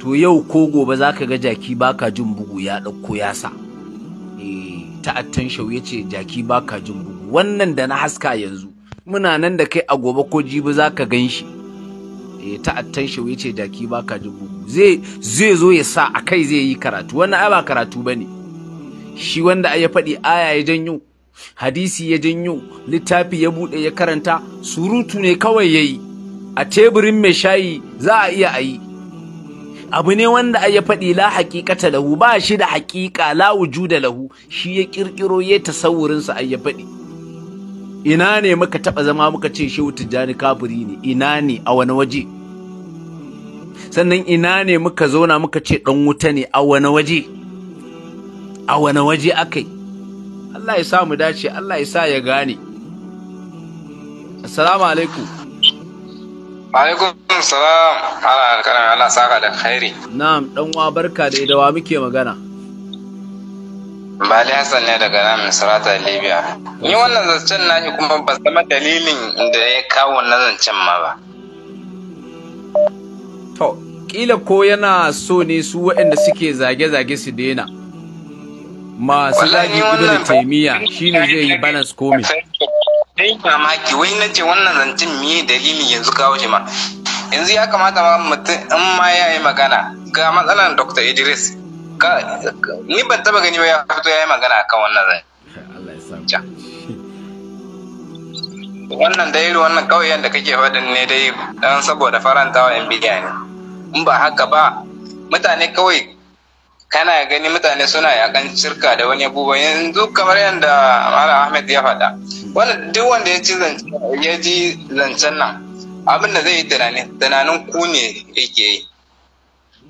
to yau ko gobe za ka ga jaki baka jin bugu ya ɗauko yasa eh, ta'attan shau ya ce jaki baka jin bugu wannan da na haska yanzu muna nan da kai a gobe ko jibi za ka gan shi eh, ta'attan shau ya ce jaki baka jin bugu zai zo ya sa a kai zai yi karatu wannan ai ba karatu ba ne shi wanda ya faɗi aya ya janyo hadisi ya janyo littafi ya buɗe ya karanta surutu ne kawai ya yi a teburin mai shayi za a iya a yi abu ne wanda a ya faɗi la haƙiƙata lahu ba shi da haƙiƙa la da lahu shi ya ƙirƙiro ya tasawurin a ya faɗi ina ne muka taɓa zama muka ce shehu tijjani kafiri ne ina ne a wani waje sannan ina ne muka zauna muka ce ɗan wuta ne a wani waje a wani waje akai Allah ya sa mu dace Allah ya sa ya gane assalamu alaikum alaikum salam ala alkaran ala saka da khairi na'am dan uwa barka da idawa muke magana Bali Hassan ne daga nan Misrata Libya ni wannan zancen naki kuma ba zama dalilin da ya kawo na zancen ma ba to kila ko yana so ne su waɗanda suke zage-zage su daina masu zagi da taymiya shine zai yi balance komi kai mamaki wai na ce wannan zancen me dalili yanzu kawo shi ma yanzu ya kamata ma mutum in ma ya yi magana ga matsalan dr idris ni ban taba gani ba ya fito ya yi magana akan wannan zancen wannan dai wannan ƙauyen da kake faɗin ne dai don saboda farantawa yan bidiya ne in ba haka ba mutane kawai kana gani mutane suna yakan cirka da wani abubuwa yanzu kamar yadda mara Ahmed ya faɗa Wani duk wanda ya ji ya ji zancen nan abin da zai yi tunanin tunanin ku ne yake yi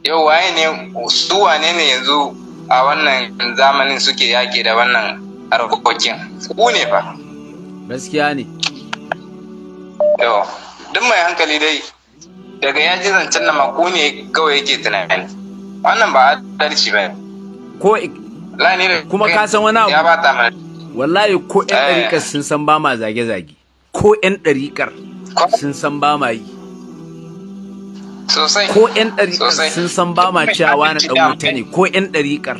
yau waye ne su wane ne yanzu a wannan zamanin suke yaƙi da wannan harkokin ku ne fa gaskiya ne yau duk mai hankali dai daga ya ji zancen nan ma ku ne kawai yake tunani wannan ba adalci ba ko kuma ka san wani abu ya ba ta mai wallahi ko yan eh. ɗariƙar sun san ba ma zage-zage ko yan ɗariƙar sun san ba ma yi sosai ko yan ɗariƙar sun san ba ma cewa na ɗan wuta ne ko yan ɗariƙar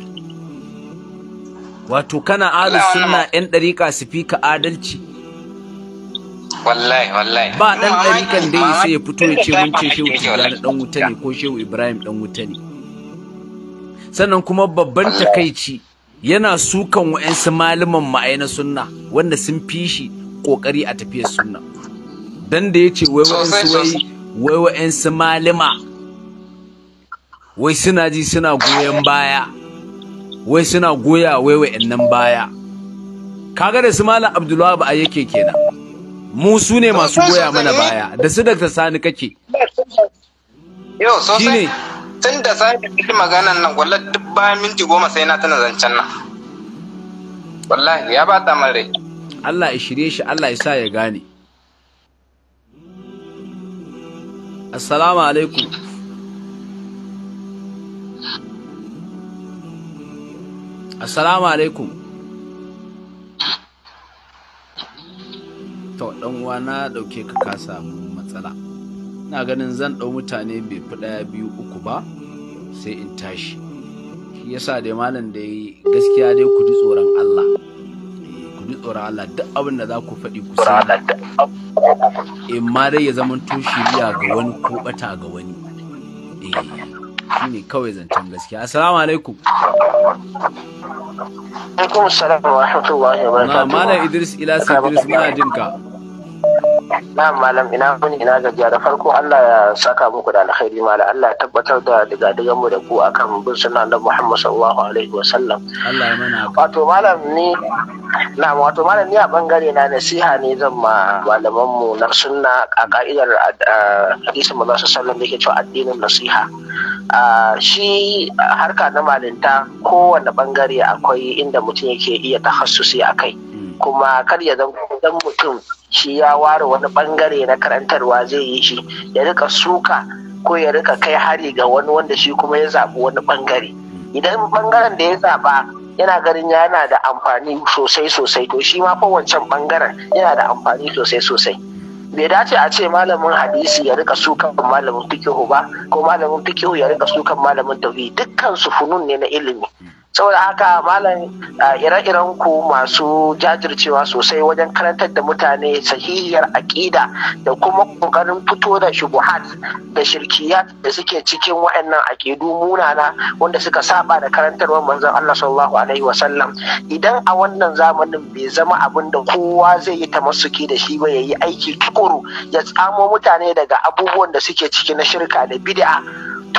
wato kana alu suna yan ɗariƙa su fi ka adalci wallahi wallahi ba ɗan ɗariƙan dai sai ya fito ya ce mun ce shehu tijjani ɗan wuta ne ko shehu ibrahim ɗan wuta ne sannan kuma babban takaici yana sukan wa'yansu malaman ma'aina sunna wanda sun fi shi kokari a tafiyar sunna dan da yace wai wa'ansu wai wai wa'ansu malama wai suna ji suna goyon baya wai suna goya wai nan baya kaga da su malam Abdullahi ba yake kenan mu su ne masu goya mana eh. baya da su da sani kake yo sosai tun da za ka yi maganan nan gwalla duk bayan minti goma sai na tana zancen nan wallahi ya ba ta mare Allah ya shirye shi Allah ya sa ya gane assalamu alaikum assalamu alaikum to dan uwa na dauke ka kasa matsala na ganin zan ɗau mutane bai fi ɗaya biyu uku ba sai in tashi shi yasa dai malam da yi gaskiya dai ku ji tsoron Allah eh, ku ji tsoron Allah duk abin da za ku faɗi ku sani in ma dai ya zama biya ga wani ko ɓata ga wani eh, shi ne kawai zancen gaskiya assalamu alaikum alaikum wa rahmatullahi wa barakatuh malam Idris Ilyasu Idris muna jinka na malam ina muni ina gajiya da farko Allah ya saka muku da alkhairi malam Allah ya tabbatar da digadigan mu da ku akan bin sunan na Muhammad sallallahu alaihi wa sallam Allah ya mana wato malam ni na wato malam ni a bangare na nasiha ne zan ma malaman mu na sunna a ka'idar hadisin manzo sallallahu alaihi wa sallam addinin nasiha shi harka na malinta kowane bangare akwai inda mutum yake iya tahassusi akai hmm. kuma kar ya zama mutum shi ya ware wani bangare na karantarwa zai yi shi ya rika suka ko ya rika kai hari ga wani wanda shi kuma ya zaɓi wani bangare idan bangaren da ya zaɓa yana ganin yana da amfani sosai sosai to shi ma wancan bangaren yana da amfani sosai sosai bai dace a ce malamin hadisi ya rika sukan malamin fikihu ba ko malamin fikihu ya rika sukan malamin tauhi dukkan su funun ne na ilimi saboda haka malam ire-iren ku masu jajircewa sosai wajen karantar da mutane sahihiyar aƙida da kuma ƙoƙarin fito da shubuhat da shirkiyat da suke cikin wa'annan aƙidu munana wanda suka saba da karantarwar manzon Allah sallallahu alaihi Sallam. idan a wannan zamanin bai zama abin da kowa zai yi tamassuki da shi ba yayi aiki tukuru ya tsamo mutane daga abubuwan da suke ciki na shirka da bid'a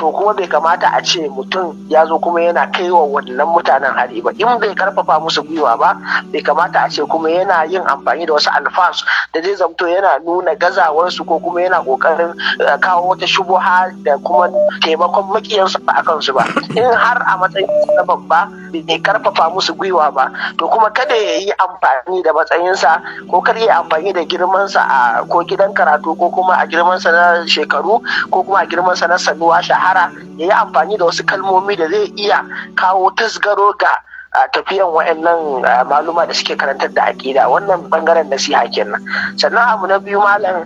to kuma bai kamata a ce mutum ya zo kuma yana kai wa wannan mutanen hari ba in bai karfafa musu gwiwa ba bai kamata a ce kuma yana yin amfani da wasu alfas da zai zamto yana nuna gazawarsu ko kuma yana kokarin eh, kawo wata shubuha da kuma taimakon makiyansu ba akan su ba in har a matsayin na babba bai karfafa musu gwiwa ba to kuma kada ya yi amfani da matsayinsa ko kar ya amfani da girmansa a ko gidan karatu ko kuma a girmansa na shekaru ko kuma a girmansa na sanuwa shahara gyara ya yi amfani da wasu kalmomi da zai iya kawo tasgaro ga tafiyan wa'annan maluma da suke karantar da aƙida wannan bangaren nasiha kenan sannan abu na biyu malam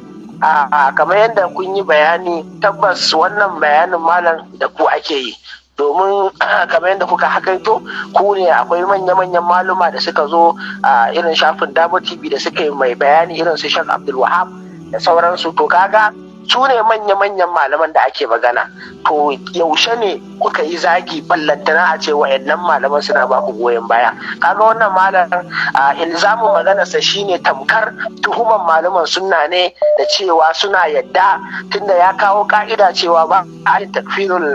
kamar yadda kun yi bayani tabbas wannan bayanin malam da ku ake yi domin kamar yadda kuka hakaito ku ne akwai manya-manyan maluma da suka zo a irin shafin dabo tv da suka yi mai bayani irin su shan abdulwahab da sauransu to kaga su ne manya-manyan malaman da ake magana to yaushe ne kuka yi zagi ballantana a ce wa'annan malaman suna ba ku goyon baya kaga wannan malam a ilzamu maganarsa shine tamkar tuhuman malaman sunna ne da cewa suna yadda tunda ya kawo ka'ida cewa ba a yi takfirul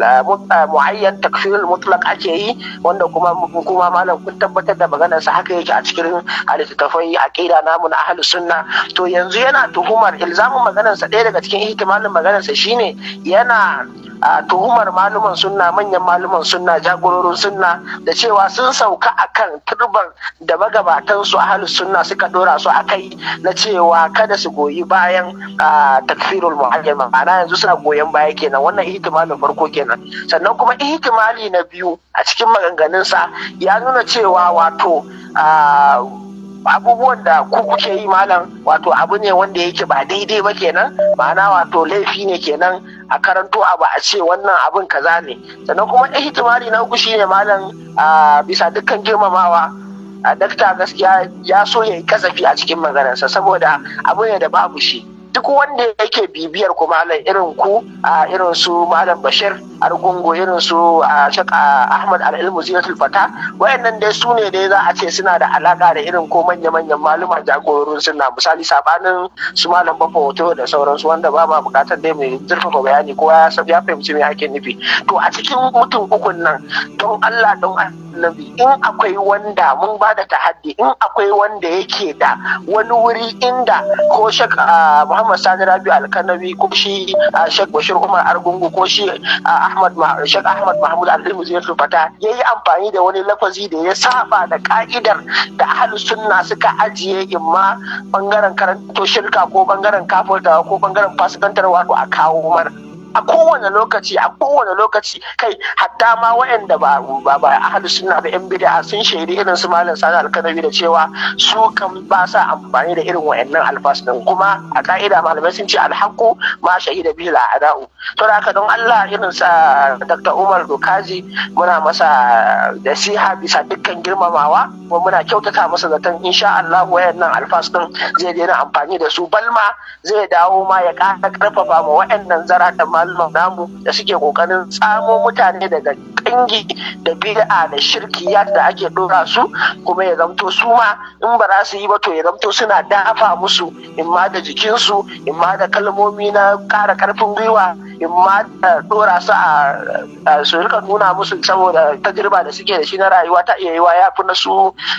muayyan takfirul mutlaq ake yi wanda kuma kuma malam kun tabbatar da maganarsa haka yake a cikin littattafai aqida namu na ahlus sunna to yanzu yana tuhumar ilzamin maganarsa ɗaya daga cikin ihtimalin maganarsa shine yana a tuhumar malaman sunna manyan malaman sunna jagororin sunna da cewa sun sauka akan turban da magabatan su ahlus sunna suka dora su akai na cewa kada su goyi bayan takfirul muhajjir ma'ana yanzu suna goyon baya kenan wannan ihtimalin farko kenan sannan kuma ihtimali na biyu a cikin maganganunsa ya nuna cewa wato abubuwan da ku kuke yi malam wato abu ne wanda yake ba daidai ba kenan ma'ana wato laifi ne kenan a karanto abu a ce wannan abin kaza ne sannan kuma hitimari na uku shine malam a bisa dukkan girmamawa a dakta gaskiya ya so ya yi kasafi a cikin maganarsa saboda abu ne da babu shi duk wanda yake bibiyar kuma malam irin ku a irin su malam bashir argungu irin su a shaka ahmad al-ilmu zinatul fata wayannan dai su ne dai za a ce suna da alaka da irin ko manya-manyan maluma jagororin suna misali sabanin su malam bafa hoto da sauransu wanda ba ma bukatar dai mai zurfafa bayani ko ya fahimci me ake nufi to a cikin mutum ukun nan don Allah don annabi in akwai wanda mun ba da tahaddi in akwai wanda yake da wani wuri inda ko shaka Muhammad Sani Rabi Alkanabi ko shi Sheikh Bashir Umar Argungu ko shi Ahmad Sheikh Ahmad Mahmud Al-Ilmu Zinatul Fata yayi amfani da wani lafazi da ya saba da ka'idar da ahlus sunna suka ajiye imma bangaren karanto shirka ko bangaren kafirta ko bangaren fasikantar wato a kawo mana a kowane lokaci a kowane lokaci kai hatta ma waɗanda ba ba ba ahli sunna da yan bid'a sun shaidi irin su malam sani alkanawi da cewa su kan ba sa amfani da irin wayannan alfas din kuma a ka'ida malamai sun ce alhaku ma shahida bihi al'ada'u to da don Allah irin sa Dr. Umar Dokazi muna masa siha bisa dukkan girmamawa kuma muna kyautata masa zaton insha Allah wayannan alfas din zai daina amfani da su balma zai dawo ma ya ƙara ƙarfafa ma waɗannan zaratan ma mallam namu da suke kokarin tsamo mutane daga kangi da bid'a da shirki da ake dora su kuma ya zamto su ma in ba za su yi ba to ya zamto suna dafa musu in ma da jikinsu in ma da kalmomi na ƙara ƙarfin gwiwa in ma da dora su a su rika nuna musu saboda tajirba da suke da shi na rayuwa ta iya yiwa ya fi na su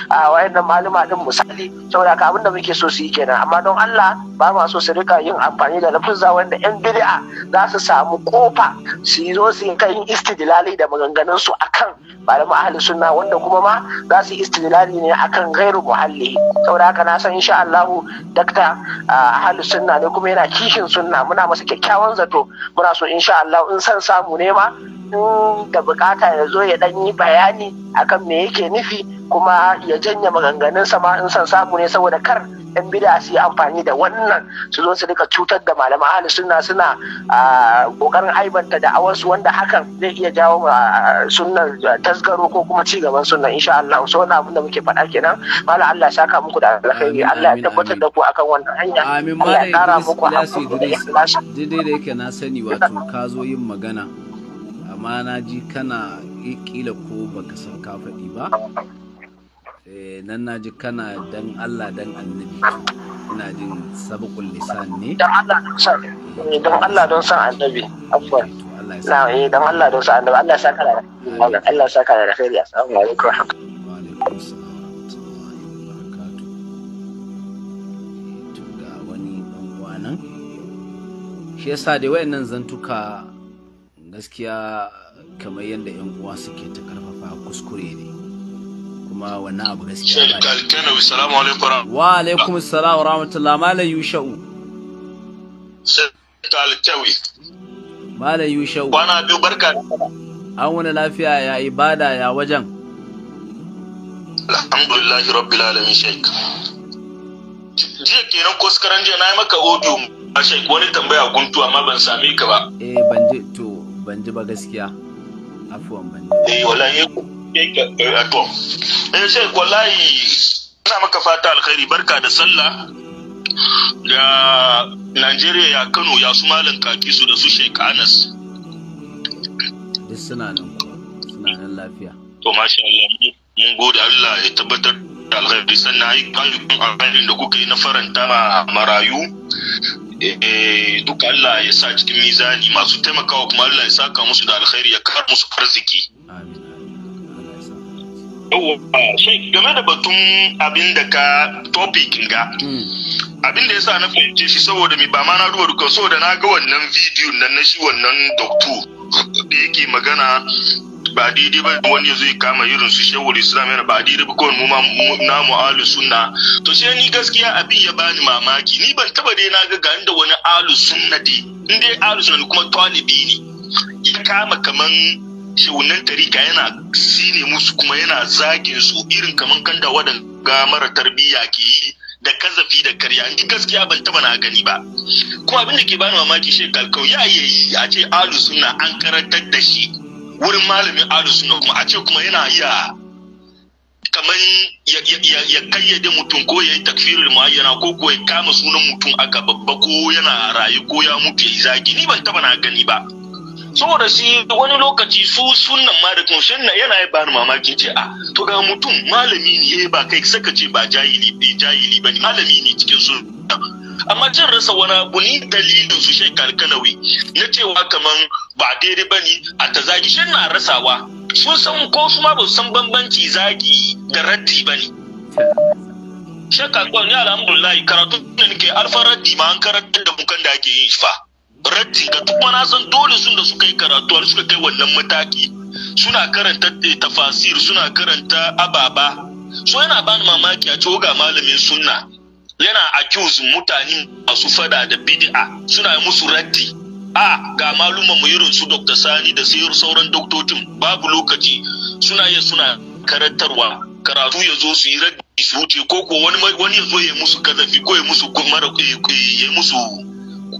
a wayannan malama din misali saboda ka abinda da muke so su yi kenan amma don Allah ba ma so su rika yin amfani da lafuzza wanda yan bid'a za su samu kofa su zo su yi kan istidilali da maganganun su akan malamu ahli sunna wanda kuma ma za su yi istidlali ne akan gairu muhalli saboda haka na san insha Allah dakta ahli sunna ne kuma yana kishin sunna muna masa kyakkyawan zato muna so insha Allah in san samu ne ma da bukata ya zo ya dan yi bayani akan me yake nufi kuma ya janye maganganun sama in san samu ne saboda kar yan bid'a su yi amfani da wannan su zo su rika cutar da malama ahli sunna suna kokarin aibanta da awansu wanda hakan zai iya jawo sunan tasgaro ko kuma ci gaban sunan insha Allah so wannan abin da muke faɗa kenan malam Allah ya saka muku da alkhairi Allah ya tabbatar da ku akan wannan hanya amin malam Idris Idris daidai da yake na sani wato ka zo yin magana amma na ji kana kila ko baka san ka faɗi ba Eh, nan na ji kana dan Allah dan annabi ina jin sabqul lisan ne dan Allah dan san eh, dan Allah dan san annabi afwan na eh dan Allah dan san annabi Allah ya saka da Allah ya saka da khairi assalamu alaikum wa rahmatullahi nan shi yasa da wayannan zantuka gaskiya kamar yadda 'yan uwa suke ta karfafa kuskure ne kuma wannan abu gaskiya ba salamu alaikum wa alaikum assalam wa rahmatullah malam yusha'u kalkawi malam yusha'u kwana biyu barka an wani lafiya ya ibada ya wajen Alhamdulillah, rabbil alamin sheik jiya kenan ko sukaran jiya na yi maka audio a ah, sheik wani tambaya guntu amma ban same ka ba eh ban ji to ban ji ba gaskiya afuwan ban ji eh wallahi eh, eh, eh shek wallahi ina maka fata alkhairi barka da sallah da Najeriya ya Kano ya su malam kaki su da su Sheikh Anas duk suna nan suna nan lafiya to masha Allah mun gode Allah ya tabbatar da alkhairi sannan ayyukan alkhairin da kuka yi na faranta ma marayu eh, duk Allah ya sa cikin mizani masu taimakawa kuma Allah ya saka musu da alkhairi ya kar musu arziki amin game da batun abin da ka topic ga hmm. abin da yasa na fahimce shi saboda mi ba ma na ruwa duka saboda na ga wannan video nan na shi wannan doctor da yake magana ba daidai ba wani ya zai kama irin su shawul islam yana ba daidai ba kawai mu na mu'alu sunna to sai ni gaskiya abin ya bani mamaki ni ban taba dai na ga ga inda wani alu sunna dai inda alu sunna kuma talibi ne ya kama kaman wannan tarika yana sine musu kuma yana zagin su irin kaman kanda ga mara tarbiyya ke yi da kazafi da karya ni gaskiya ban taba na gani ba kuma abin da ke bani mamaki shi kalkau ya yi a ce alu suna an karantar da shi wurin malamin alu suna kuma a ce kuma yana iya kamar ya kayyade mutum ko ya yi takfirin muayyana ko ko ya kama sunan mutum a babba ko yana rayu ko ya mutu ya zagi ni ban taba na gani ba saboda shi wani lokaci su sunan ma da yana ya bani mamaki ce a ah, to ga mutum malami ne eh ba kai saka ce ba jahili eh, ba jahili bane malami ne cikin su amma jin rasa wani abu ni dalilin su shai kalkalawi na cewa kamar ba daidai ba ne, a ta zagi shin na rasawa sun san ko su ma ba san bambanci zagi da raddi bane shakka kwan ni alhamdulillah karatu ne nake alfarar ma an karantar da bukan da ake yin shi fa raddi ga duk wani san dole sun da suka yi karatu har suka kai wannan mataki suna karanta eh, tafasir suna karanta ababa so yana ba ni mamaki a cewa ga malamin sunna yana accuse mutane masu fada da bid'a suna musu raddi a ga maluman mu irin su Dr. Sani da sayar sauran doktocin babu lokaci suna iya suna karantarwa karatu ya zo su yi raddi su wuce ko ko wani wani ya zo ya musu kazafi ko ya musu mara ya musu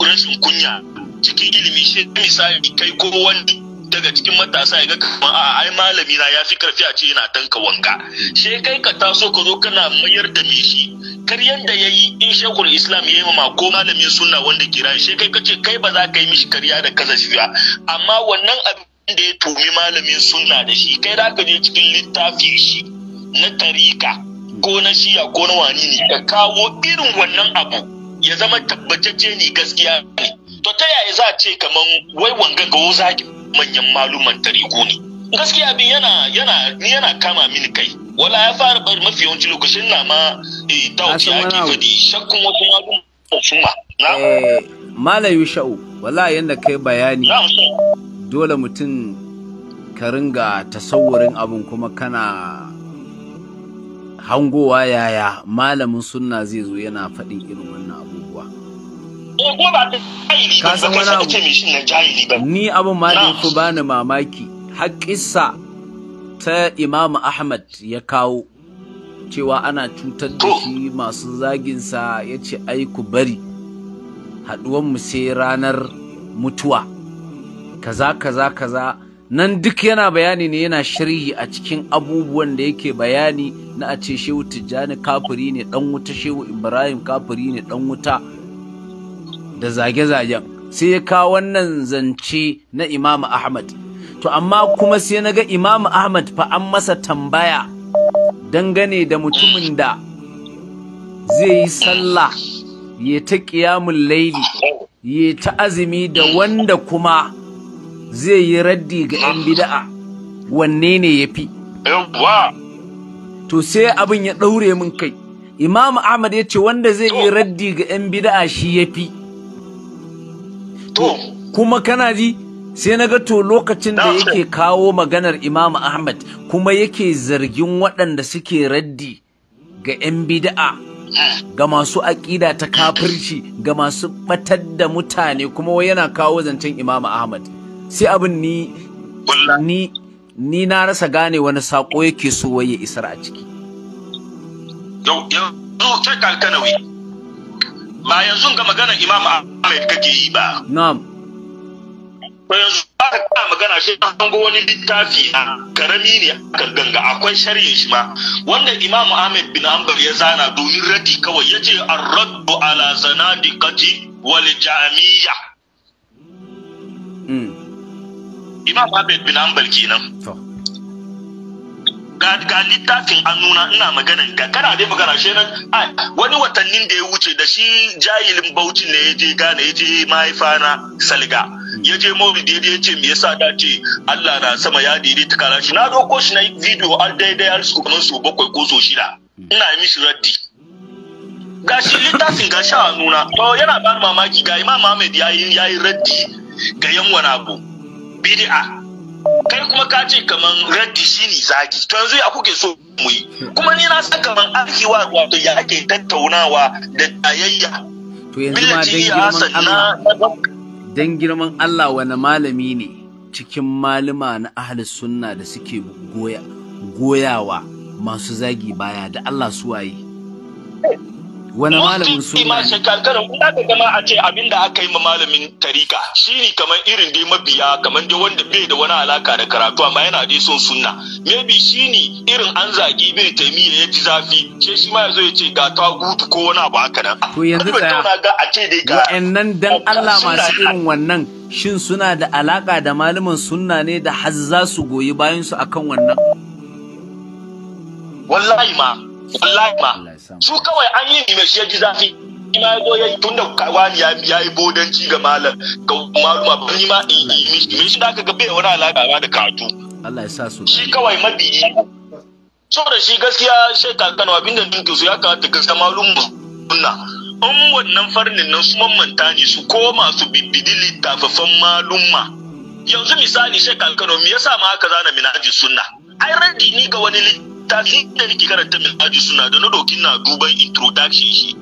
rashin kunya cikin ilimi shi misali kai ko wani daga cikin matasa ya ga kama a ai malami na ya fi karfi a ce yana tanka wanka shi kai ka taso ka zo kana mayar da mishi kar yanda yi in shekul islam ya yi mama ko malamin sunna wanda kira shi kai ka ce kai ba za ka yi mishi karya da kasa shi ba amma wannan abin da ya tumi malamin sunna da shi kai za ka je cikin littafi shi na tarika ko na shiya ko na wani ne ka kawo irin wannan abu ya zama tabbatacce ne gaskiya ne to ta yaya za a ce kaman wai wanga ga zagin manyan maluman tariku ne gaskiya abin yana yana ni yana kama mini kai wala ya fara bar mafi yawanci lokacin na ma eh tawfi ake fadi shakkun wasu maluman su ma eh, mala yusha'u wala yanda kai bayani dole mutum ka ringa tasawurin abin kuma kana hangowa yaya malamin sunna zai zo yana faɗin irin wannan abu in ba ni abin ma da fi bani mamaki haƙƙisa ta Imam Ahmad ya kawo cewa ana cutar da shi masu zaginsa ya ce ai ku bari mu sai ranar mutuwa kaza kaza kaza nan duk yana bayani ne yana sharhi a cikin abubuwan da yake bayani na a ce shehu tijjani kafiri ne dan wuta shehu ibrahim kafiri ne dan wuta da zage-zagen sai ya kawo wannan zance na Imam Ahmad to amma kuma sai na ga Imam Ahmad fa an masa tambaya dangane da mutumin da zai yi sallah ya ta ƙiyamun laili ya ta azumi da wanda kuma zai yi raddi ga 'yan bida'a wanne ne ya fi to sai abin ya ɗaure min kai Imam Ahmad ya ce wanda zai yi raddi ga 'yan bida'a shi ya fi kuma kana ji sai na ga to lokacin da yake kawo maganar Imam Ahmad kuma yake zargin waɗanda suke raddi ga 'yan bida'a eh. ga masu aƙida ta kafirci ga masu batar da mutane kuma wai yana kawo zancen Imam Ahmad sai abin ni ni ni na rasa gane wani sako yake so waye isar a ciki yau yau kai kalkanawi ba yanzu ga maganar imam ahmed kake yi ba na'am to yanzu ka kana magana shi an hango wani littafi a karami ne aka ganga akwai sharhin shi ma wanda imam ahmed bin ambar ya zana domin radi kawai ya ce arraddu ala zanadiqati wal jami'a hmm. imam ahmed bin ambar kenan ga littafin annuna ina maganan ga kana dai magana shi nan wani watannin da ya wuce da shi jahilin bauchi ne ya je gane ya je mahaifa na salga ya je da ya ce me yasa da Allah na sama ya daidaita kara shi na doko shi na yi bidiyo al daidai al su kamar su bakwai ko so shida ina yi mishi raddi gashi littafin ga sha nuna to yana ba mamaki ga imam Ahmed yayi yi raddi ga yan wani abu bid'a kai kuma ka ce kaman raddi ne zagi to yanzu ya kuke so mu yi kuma ni na san kaman arkiwa wato ya ake tattaunawa da tayayya to yanzu ma dan girman Allah dan girman Allah wani malami ne cikin malama na ahli sunna da suke goya goyawa masu zagi baya da Allah su waye wani malamin sunna ma shekarkarin kuna da gama a ce abin da aka yi ma malamin tarika shi ne kamar irin dai mabiya kamar dai wanda bai da wani alaka da karatu amma yana dai son sunna maybe shi ne irin an zagi ibn taymiya ya ji zafi ce shi ma ya zo ya ce ga ta gutu ko wani abu haka nan to yanzu tsaya wa'annan dan Allah masu irin wannan shin suna da alaka da malaman sunna ne da har za su goyi bayan su akan wannan wallahi ma wallahi ma su kawai an yi ne shi ya ji zafi ma ya goye tun da kawani ya yi bodanci ga malam ga maluma ba ni ma in yi mishi da aka ga wani alaƙa da katu Allah ya sa su shi kawai yi so da shi gaskiya shai kakano abinda nake su ya kawata gaskiya malum suna An wannan farnin nan su mamanta ne su koma su bibbidi littafafan malumma yanzu misali shai kakano me yasa ma haka zana minaji suna? ai radi ni ga wani littafi takin da nake karanta mai haji suna da na dokin na duban introduction shi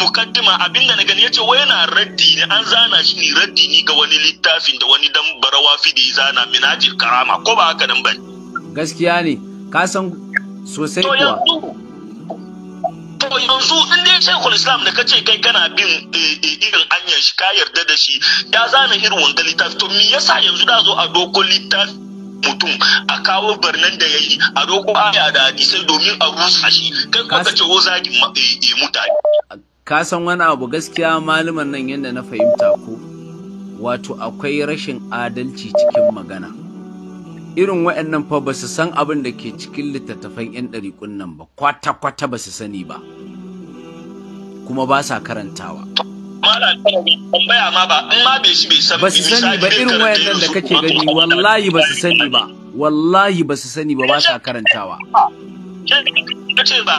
mukaddima da na gani yace wai yana raddi ne an zana shi ne raddi ne ga wani littafin da wani dan barawa fidi zana minajil karama ko ba haka nan bane gaskiya ne ka san sosai kuwa to yanzu in dai shekul islam da kace kai kana bin eh, eh, irin anyan shi ka yarda da shi ya zana irin wanda littafi to me yasa yanzu da zo a doko littafi mutum a kawo birnin da ya yi a roƙo aya da hadisai domin a rusa shi kan ka ce wo zagin eh, eh, mutane ka san wani abu gaskiya malaman nan yadda na fahimta ko wato akwai rashin adalci cikin magana irin waɗannan fa ba su san abin da ke cikin littattafan 'yan ɗariƙun nan ba kwata-kwata ba su sani ba kuma ba sa karantawa. mala tambaya ma ba in ma bai shi bai san ba su sani ba irin wayannan da kake gani wallahi ba su sani ba wallahi ba su sani ba ba sa karantawa kace ba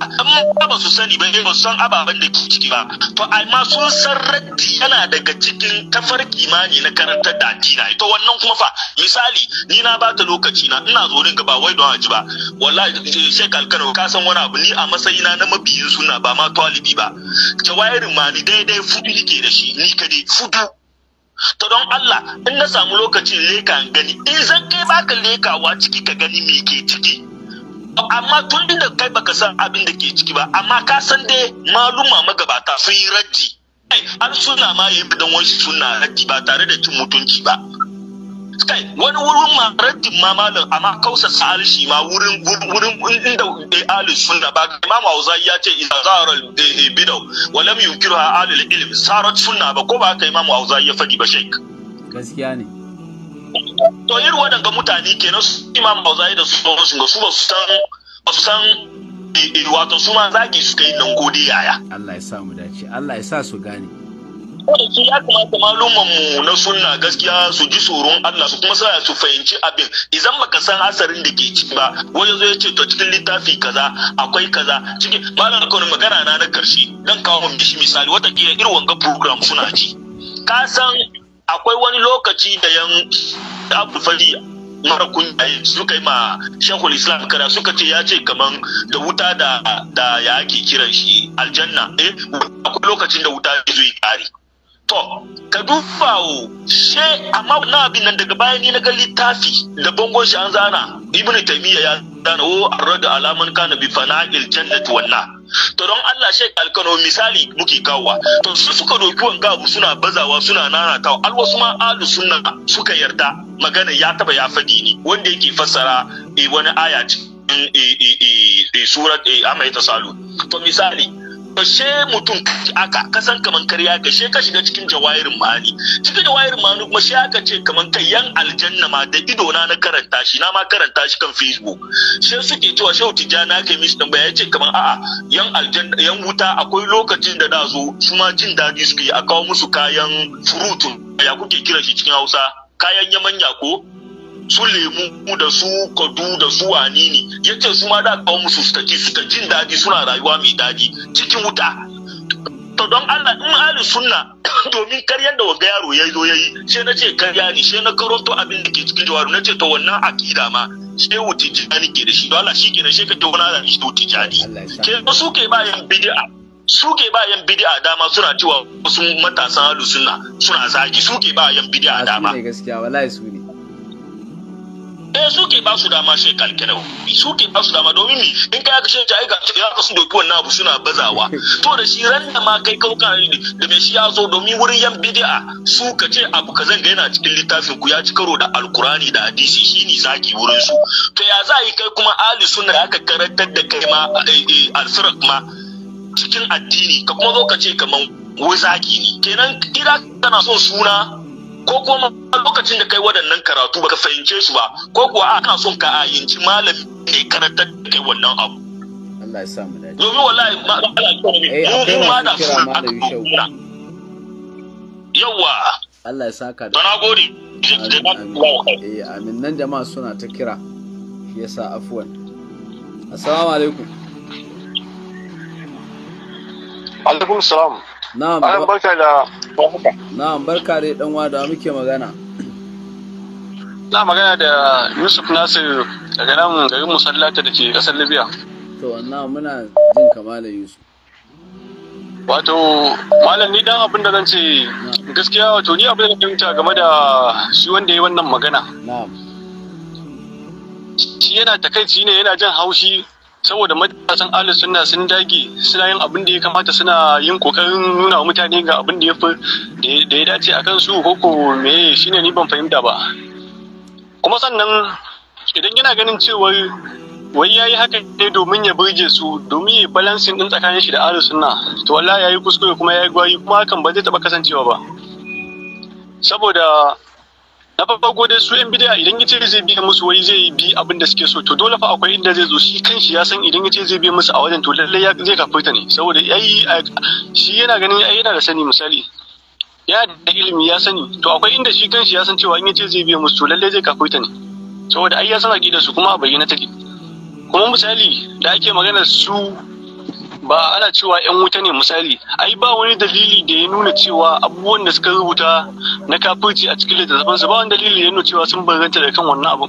in ba su sani ba ne eh, ba san ababen da ke ciki ba to amma sun san raddi yana daga cikin tafarki kimani na karantar da addina Ita wannan kuma fa misali ni na bata lokaci na ina zo ringa ba wai don haji ba wallahi eh, shek alkano ka san wani abu ni a matsayina na mabiyin suna ba ma talibi ba jawairin ma ni daidai fudu nike da shi ni kadai fudu Ta don Allah in na samu lokacin leka gani in eh, zan kai baka lekawa ciki ka gani me ke ciki amma tun da kai baka san abin da ke ciki ba amma ka san dai maluma magabata sun yi raddi an suna ma yayi bidan wasu suna raji ba tare da cin mutunci ba kai wani wurin ma raddin ma malam amma kausa sa'al shi ma wurin wurin inda ahli sunna ba imam Auza'i ya ce idza zara bidaw wa lam yunkiruha ahli ilm sarat sunna ba ko ba kai imam Auza'i ya fadi ba sheik gaskiya ne to irin waɗanga mutane kenan su imam bauzayi da su ga su ba su san ba su san wato su ma zagi su kai nan gode yaya Allah ya sa mu dace Allah ya sa su gane su ya kamata malumman mu na sunna gaskiya su ji tsoron Allah su kuma sa su fahimci abin idan baka san asarin da ke ciki ba wani zo ya ce to cikin littafi kaza akwai kaza cikin malam kawai magana na na karshe dan kawo mun misali wata kiyar irin wanga program suna ji ka san akwai wani lokaci da yan abu fari mara kunya suka yi ma shekul islam kara suka ce ya ce kaman da wuta da ya ake kiran shi aljanna eh akwai lokacin da wuta zai yi kare to ka duba o she amma na abin nan daga bayan ni na ga littafi da bangon shi an zana ibnu taymiya ya zana o oh, arradu alaman kana bi fana'il jannati wannan to don Allah shek alkano misali muke kawowa to su suka doki wanga abu suna bazawa suna nanatawa alwasu ma alu sunna suka yarda magana ya taba ya fadi ni. wanda yake fassara eh, wani aya cikin eh, eh, surat amai salu to misali gashe mutum aka kasan kaman karya gashe ka shiga cikin jawairin ma'ani cikin jawairin mani kuma shi aka ce kaman kai yan aljanna ma da ido na na karanta shi na ma karanta shi kan facebook shi suke cewa shehu tijjana yi mishi tambaya ya ce kaman a'a yan aljanna yan wuta akwai lokacin da da zo su ma jin daɗi suke a kawo musu kayan furutun ya kuke kira shi cikin hausa kayan yamanya ko su lemu da su kadu da su wani ne ce su ma da kawo musu su tafi su ta jin daɗi suna rayuwa mai daɗi cikin wuta to don Allah in ahli sunna domin karyar da wanga yaro ya zo yayi sai na ce karya ne sai na karanto abin da ke cikin jawaru na ce to wannan akida ma sai wuti jani ke da shi don Allah shi ke da shi ka ce wani da shi wuti jani ke su ke bayan bid'a suke ba yan bid'a dama suna cewa wasu matasan halu Sunna suna zagi suke ba yan bid'a dama gaskiya wallahi su ne ɗaya su ke ba su dama shi kalkinau su ke ba su dama domin ni in kai aka shanta aika ya ka su doki wannan abu suna bazawa to da shi ran da ma kai kauka da me shi ya zo domin wurin yan bidi'a su ka ce abu ka zanga yana cikin littafin ku ya ci karo da alkurani da hadisi shi ne zaki wurin su to ya za yi kai kuma ali da aka karantar da kai ma eh, eh, alfirak ma cikin addini ka kuma zo ka ce kaman wai zaki ne kenan kira kana son suna ko kuma lokacin da kai waɗannan karatu baka fahimce su ba ko kuwa a kana son ka ayinci malami ne karanta da kai wannan abu Allah ya sa mu dace domin wallahi ma eh, mu ma da su aka nuna yawa Allah ya saka da na gode eh amin nan jama'a suna ta kira shi yasa afwan assalamu alaikum alaikum salam na'am barka da na'am barka dai dan wada muke magana na magana da Yusuf Nasir daga nan garin Musallata da ke kasar Libya to wannan muna jin kamala Yusuf wato malam ni dan abin da zan ce gaskiya wato ni abin da zan fahimta game da shi wanda ya wannan magana shi yana takaici ne yana jin haushi saboda matasan Ali sunna sun dage suna yin abin da ya kamata suna yin kokarin nuna wa mutane ga abin da ya fi da ya dace a kansu ko ko me shine ni ban fahimta ba kuma sannan idan yana ganin cewar wai yayi haka ne domin ya burge su domin ya balansin din tsakanin shi da Ali sunna to wallahi yayi kuskure kuma ya yi gwari kuma hakan ba zai taba kasancewa ba saboda na farko dai su yan bidiya idan yace zai biya musu wai zai bi abin da suke so to dole fa akwai inda zai zo shi kanshi ya san idan yace zai biya musu a wajen to lallai ya zai ta ne saboda ai shi yana ganin ai yana da sani misali ya da ilimi ya sani to akwai inda shi kanshi ya san cewa in yace zai biya musu to lallai zai ta ne saboda ai ya san aqidar su kuma a bayyana take kuma misali da ake magana su ba ana cewa yan wuta ne misali ai ba wani dalili da ya nuna cewa abubuwan da suka rubuta na kafirci a cikin littattafansu ba wani dalili da ya nuna cewa sun barganta daga kan wannan abu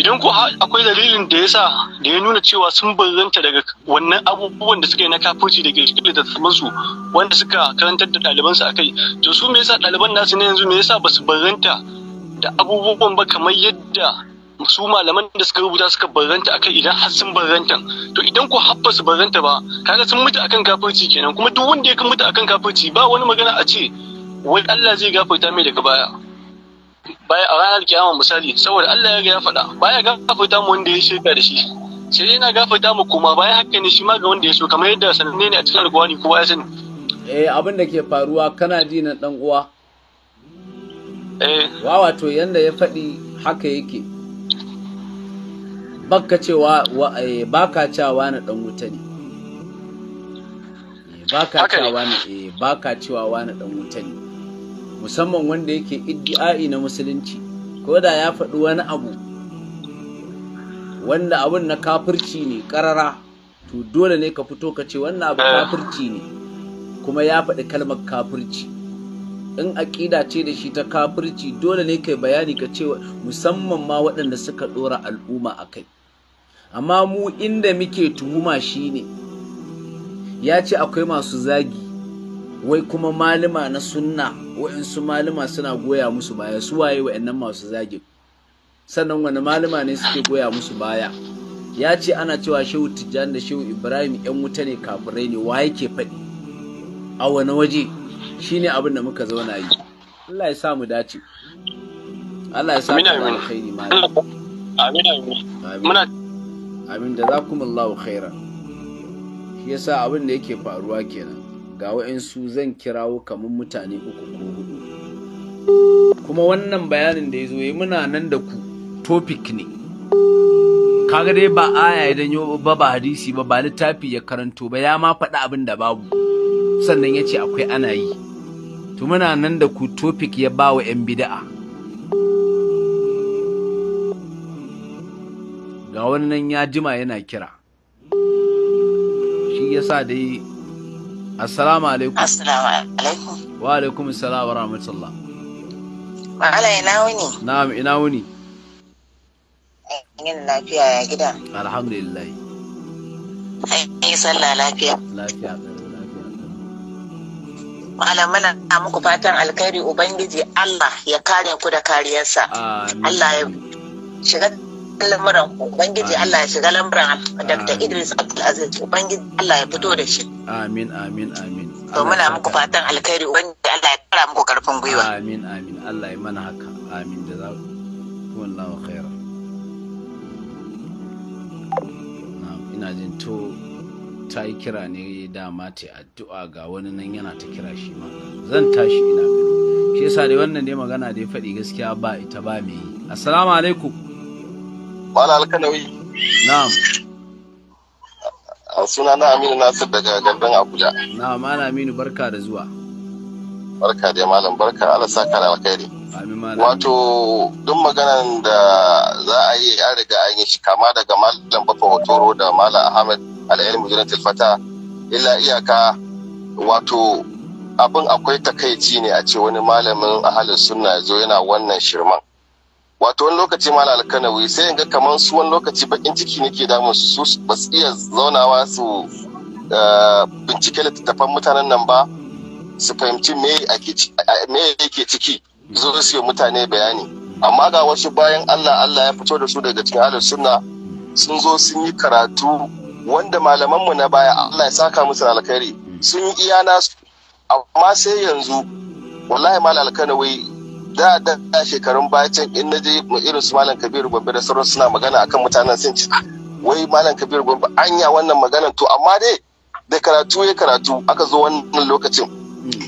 idan ko akwai dalilin da ya sa da ya nuna cewa sun barganta daga wannan abubuwan da suka yi na kafirci da ke cikin littattafansu wanda suka karantar da ɗalibansu a kai to su me yasa ɗaliban nasu ne yanzu me yasa ba su barganta da abubuwan ba kamar yadda su malaman da suka rubuta suka barranta akai idan har sun barranta to idan ku habba su barranta ba kaga sun mutu akan kafirci kenan kuma duk wanda ya kan mutu akan kafirci ba wani magana a ce wai Allah zai gafarta mai daga baya baya a ranar kiyama misali saboda Allah ya ga ya faɗa baya gafarta mu wanda ya shirka da shi sai dai na gafarta mu kuma baya hakka ne shi ma ga wanda ya so kamar yadda sananne ne a cikin alƙawari kowa ya sani eh abin da ke faruwa kana ji na dan uwa eh wato yanda ya faɗi haka yake baka cewa eh, baka cewa na dan wuta ne eh, eh, baka cewa ne baka cewa wani dan wuta ne musamman wanda yake iddi'ai na musulunci ko da ya faɗi wani abu wanda abun na kafirci ne karara to dole ne ka fito ka ce wannan abu ah. kafirci ne kuma ya faɗi kalmar kafirci in aƙida ce da shi ta kafirci dole ne kai bayani ka ce musamman ma waɗanda suka ɗora al'umma a kai amma mu inda muke tuhuma shine ya ce akwai masu zagi wai kuma malama na sunna wa'insu malama suna goya musu baya su waye wa'annan masu zagi sannan wani malama ne suke goya musu baya ya ce ana cewa shehu tijjani da shehu ibrahim yan wuta ne kafirai ne wa yake faɗi a wani waje shine abin da muka zauna yi Allah ya sa mu dace Allah ya sa mu alkhairi malam amin amin amin da za kuma Allahu khaira. shi yasa abin da yake faruwa kenan ga wa'insu zan kirawo kamar mutane uku ko hudu kuma wannan bayanin da ya zo yi eh, muna nan da ku topic ne kaga dai ba aya idan yo ba ba hadisi ba ba littafi ya karanto ba ya ma faɗi abin da babu sannan ya ce akwai ana yi to muna nan da ku topic ya ba wa 'yan bida'a ga wannan ya jima yana kira shi yasa dai assalamu alaikum assalamu alaikum wa alaikum assalam wa rahmatullah ma'ala ina wuni na'am ina wuni yin lafiya ya gida alhamdulillah ai sallah lafiya lafiya malamana na muku fatan alkhairi ubangiji Allah ya kare ku da kariyarsa Allah ya shiga lamuran ubangiji Allah ya shiga lamuran Dr. Idris Abdulaziz ubangiji Allah ya fito da shi amin amin amin to muna muku fatan alkhairi ubangiji Allah ya kara muku karfin gwiwa amin amin Allah ya mana haka amin da za wallahu khairan ina jin to ta yi kira ne dama ta addu'a ga wani nan yana ta kira shi ma zan tashi ina shi yasa dai wannan dai magana dai faɗi gaskiya ba ita ba me yi assalamu alaikum Mala alkalawi. Na'am. A suna na Aminu Nasir daga Gandun Abuja. Na'am, Mala Aminu barka da zuwa. Barka da malam barka Allah saka da alkhairi. Wato duk maganan da za a yi an riga an yi shi kama daga Malam Bafa Hotoro da Malam Ahmed Al-Ilmu Jinatul Fata illa iyaka wato abin akwai takaici ne a ce wani malamin ahalin sunna ya zo yana wannan shirman. wato wani lokaci mala alkanawi sai in ga kamar su wani lokaci bakin ciki nake damun su su ba su iya zaunawa su eh, bincike littattafan mutanen nan ba su fahimci me yake ciki zo su yi mutane bayani amma ga wasu bayan allah allah ya fito da su daga cikin ahlus sunna sun zo sun yi karatu wanda malamanmu na baya allah ya saka musu alkhairi sun yi iya nasu amma sai yanzu wallahi mala alkanawi da da shekarun bacin in na je irin su malam kabiru gombe da sauran suna magana akan mutanen sun ci ah, wai malam kabiru gombe anya wannan magana to amma dai da karatu ya karatu aka zo wannan lokacin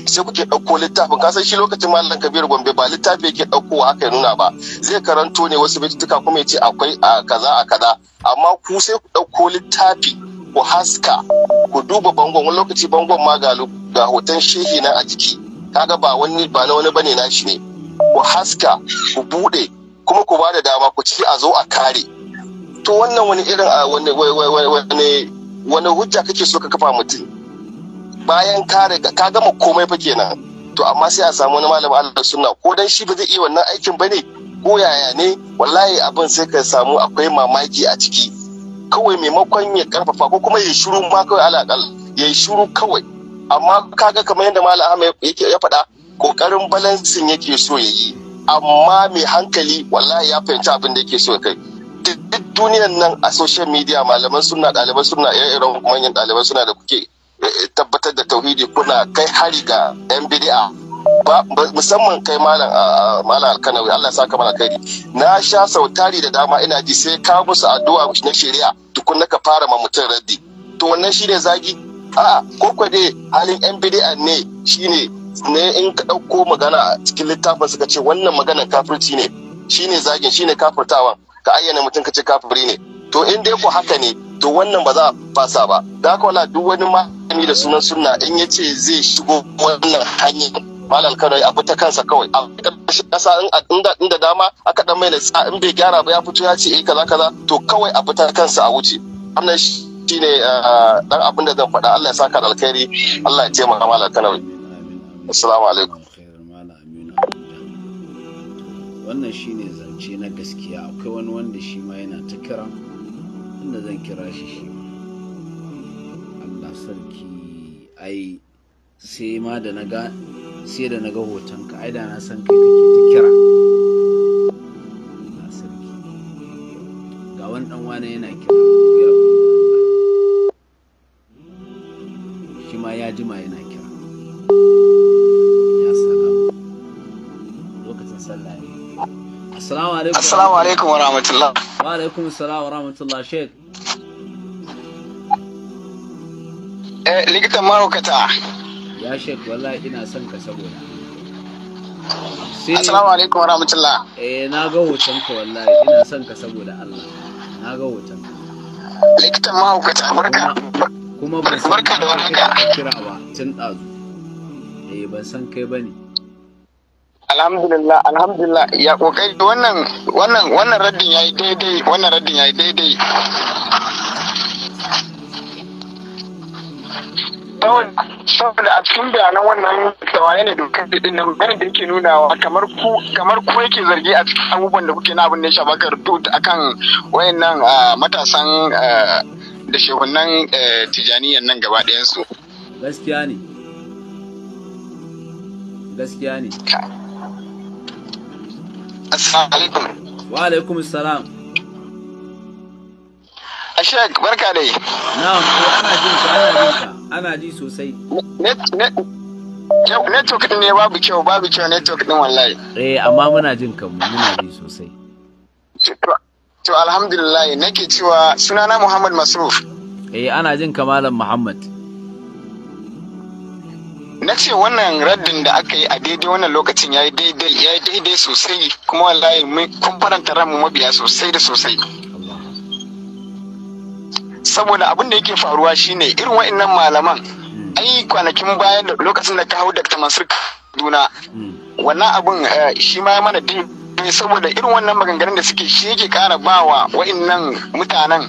sai kuke ɗauko littafin ka san shi lokacin malam kabiru gombe ba littafi yake ɗaukowa aka nuna ba zai karanto ne wasu bitutuka kuma ya ce akwai a kaza a kaza amma ku sai ku ɗauko littafi ku haska ku duba bangon wani lokaci bangon ma ga hoton shehi na a jiki kaga ba wani ba na wani bane na shi ne ku haska ku bude kuma ku ba da dama ku ci a zo a kare to wannan wani irin a wani wani wani hujja kake so ka kafa mutum bayan kare ka gama komai fa kenan to amma sai a samu wani malamin Allah sunna ko dan shi ba zai iya wannan aikin bane ko yaya ne wallahi abin sai ka samu akwai mamaki a ciki kawai maimakon ya karfafa ko kuma ya shiru ma kawai alaƙal ya shiru kawai amma kaga kamar yadda malam Ahmed yake ya faɗa kokarin balansin yake so ya yi amma mai hankali wallahi ya fahimci abin da yake so kai duk duniyan nan a social media malaman suna ɗaliban suna irin manyan ɗaliban suna da kuke eh, eh, tabbatar da tauhidi kuna kai hari ga yan bid'a musamman kai malam malam alkanawi Allah ya saka mana kai na sha sautari da dama ina ji sai ka musu addu'a na shari'a tukun naka fara ma mutum raddi to wannan shine zagi A'a ko dai halin yan bid'a ne shine ne in ka ɗauko magana a cikin littafin suka ce wannan maganan kafirci ne shine zagin shine kafirtawan ka ayyana mutum ka ce kafiri ne to in dai ko haka ne to wannan ba za a fasa ba da haka wala duk wani malami da sunan sunna in ya ce zai shigo wannan hanyar malam kano ya ta kansa kawai a ƙarshen ƙasa inda dama aka dan mai latsa in bai gyara ba ya fito ya ce eh kaza kaza to kawai a ta kansa a wuce wannan shine dan eh, abin da zan faɗa Allah ya saka alkhairi Allah ya taimaka malam kano assalamu alaikum wannan shine zance na gaskiya akwai wani wanda shi ma yana ta kira inda zan kira shi shi Allah sarki ai sai ma da naga sai da naga hoton ka ai da na san kai kake ta kira Allah sarki ga wani dan wani yana kira shi ma ya jima yana kira Assalamu alaikum. Assalamu alaikum wa rahmatullah. Wa alaikum assalam wa rahmatullah Sheikh. Eh likitan mahaukata. Ya Sheikh wallahi ina son ka saboda. Assalamu alaikum wa rahmatullah. Eh na ga hoton ka wallahi ina son ka saboda Allah. Na ga hoton. Likitan mahaukata barka. Kuma ban san barka da warhaka. Kira ba tun dazu. Eh ban san kai bane. alhamdulillah alhamdulillah ya kokari wannan wannan wannan raddin yayi daidai wannan raddin yayi daidai saboda a cikin bayanan wannan tawaye ne dokar din nan bayanin da yake nunawa kamar ku kamar ku yake zargi a cikin abubuwan da kuke na abin da ya shafa kardut akan wayannan ah, matasan ah, da shehunan eh, tijaniyan nan gaba ɗayan su gaskiya ne gaskiya ne assalamu alaikum wa alaikum Ashek, barka dai. Na'am, ana jin ka, ana jin ka. Ana ji sosai. Network ne babu kyau, babu kyau network din wallahi. Eh, amma muna jin ka, muna ji sosai. To alhamdulillah nake cewa sunana Muhammad Masruf. Eh, ana jin ka Malam Muhammad. na ce wannan raddin da aka yi a daidai wannan lokacin ya yi daidai sosai kuma wallahi kumfaran faranta mu mabiya sosai da sosai saboda abin da yake faruwa shine irin wa'annan malaman ai kwanakin bayan lokacin da ka hau da tamasir kaduna mm. wannan abin eh, shi ma mana din Eh, saboda irin wannan maganganun da suke shi yake kara bawa wa'annan mutanen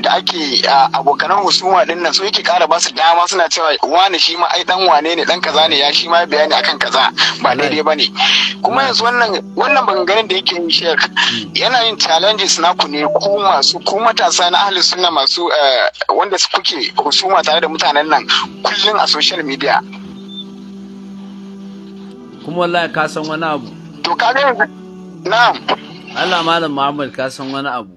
da ake abokanan husuma din nan su yake kara ba su dama suna cewa wani shi ma ai dan wane ne dan kaza ne ya shi ma bayani akan kaza ba daidai bane kuma yanzu wannan wannan maganganun da yake yin shek yana yin challenges naku ne ku masu ku matasa na ahli sunna masu eh, wanda kuke husuma tare da mutanen nan kullun a social media kuma wallahi ka san wani abu to yanzu Na'am. Allah malam Muhammad ka san wani abu.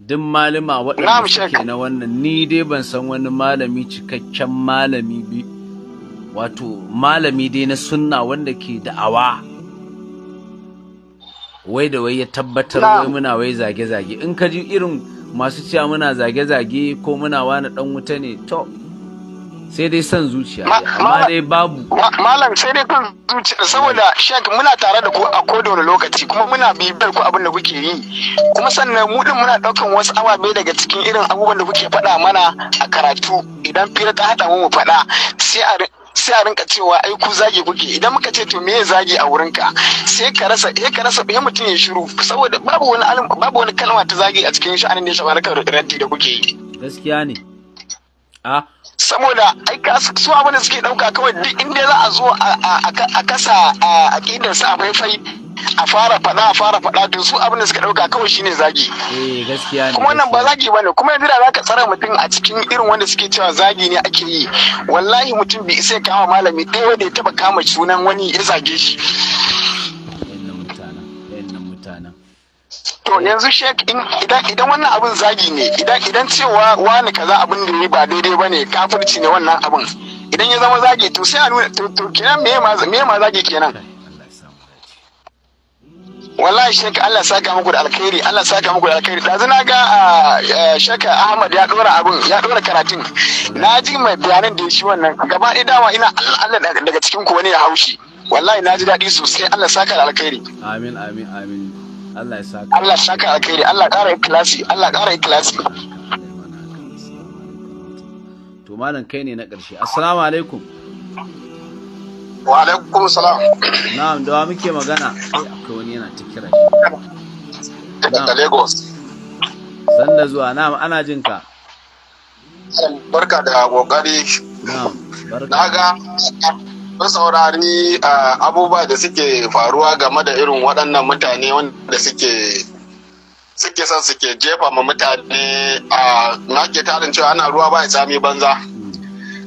Duk malama waɗanda suke na wannan ni dai ban san wani malami cikakken malami bi wato malami dai na sunna wanda ke da'awa wai da wai ya tabbatar wai muna wai zage-zage in ka ji irin masu cewa muna zage-zage ko muna wani ɗan wuta ne to sai dai son zuciya amma dai babu malam sai dai kan zuciya saboda shek muna tare da ku a kodon lokaci kuma muna bibiyar ku abin da kuke yi kuma sannan mu din muna daukan wasu ababe daga cikin irin abubuwan da kuke faɗa mana a karatu idan fira ta haɗa mu faɗa sai a sai a rinka cewa ai ku zage kuke idan muka ce to me ya zage a wurinka sai ka rasa eh ka rasa bai mutum ya shiru saboda babu wani alim babu wani kalma ta zage a cikin sha'anin da ya shafa da kuke yi gaskiya ne a ah, saboda ai su abin da suke dauka kawai duk inda za a zo a kasa a kidan sa faifai a fara fada a fara fada to su abin da suka dauka kawai shine zagi eh, kuma wannan ba zagi bane kuma yanzu da zaka tsara mutum a cikin irin wanda suke cewa zagi ne ake yi wallahi mutum bai isa ya kama malami ɗaya wanda ya taba kama sunan wani ya zage shi to yanzu shek idan wannan abin zagi ne idan cewa wani kaza abin da ya ba daidai ba ne kafirci ne wannan abin idan ya zama zagi to sai a nuna to kenan me ma zagi kenan wallahi shek Allah saka muku da alkhairi Allah saka muku da alkhairi dazu na ga ah, eh, shek Ahmad ya dora abun ya dora karatun na ji mai bayanan da ya shi wannan gaba ɗaya dawa ina Allah Allah daga cikin ku wani ya haushi wallahi na ji daɗi sosai Allah saka da alkhairi amin amin amin Allah ya saka Allah saka alkhairi Allah ƙara ikhlasi Allah ƙara ikhlasi to malam kai ne na ƙarshe assalamu alaikum wa alaikum salam na'am da wa muke magana akwai wani yana ta kira shi daga Lagos sanda zuwa na'am ana jin ka barka da kokari na'am barka na ga na saurari abubuwa da suke faruwa game da irin waɗannan mutane wanda suke suke son suke jefa ma mutane a nake tarin cewa ana ruwa ba ya sami banza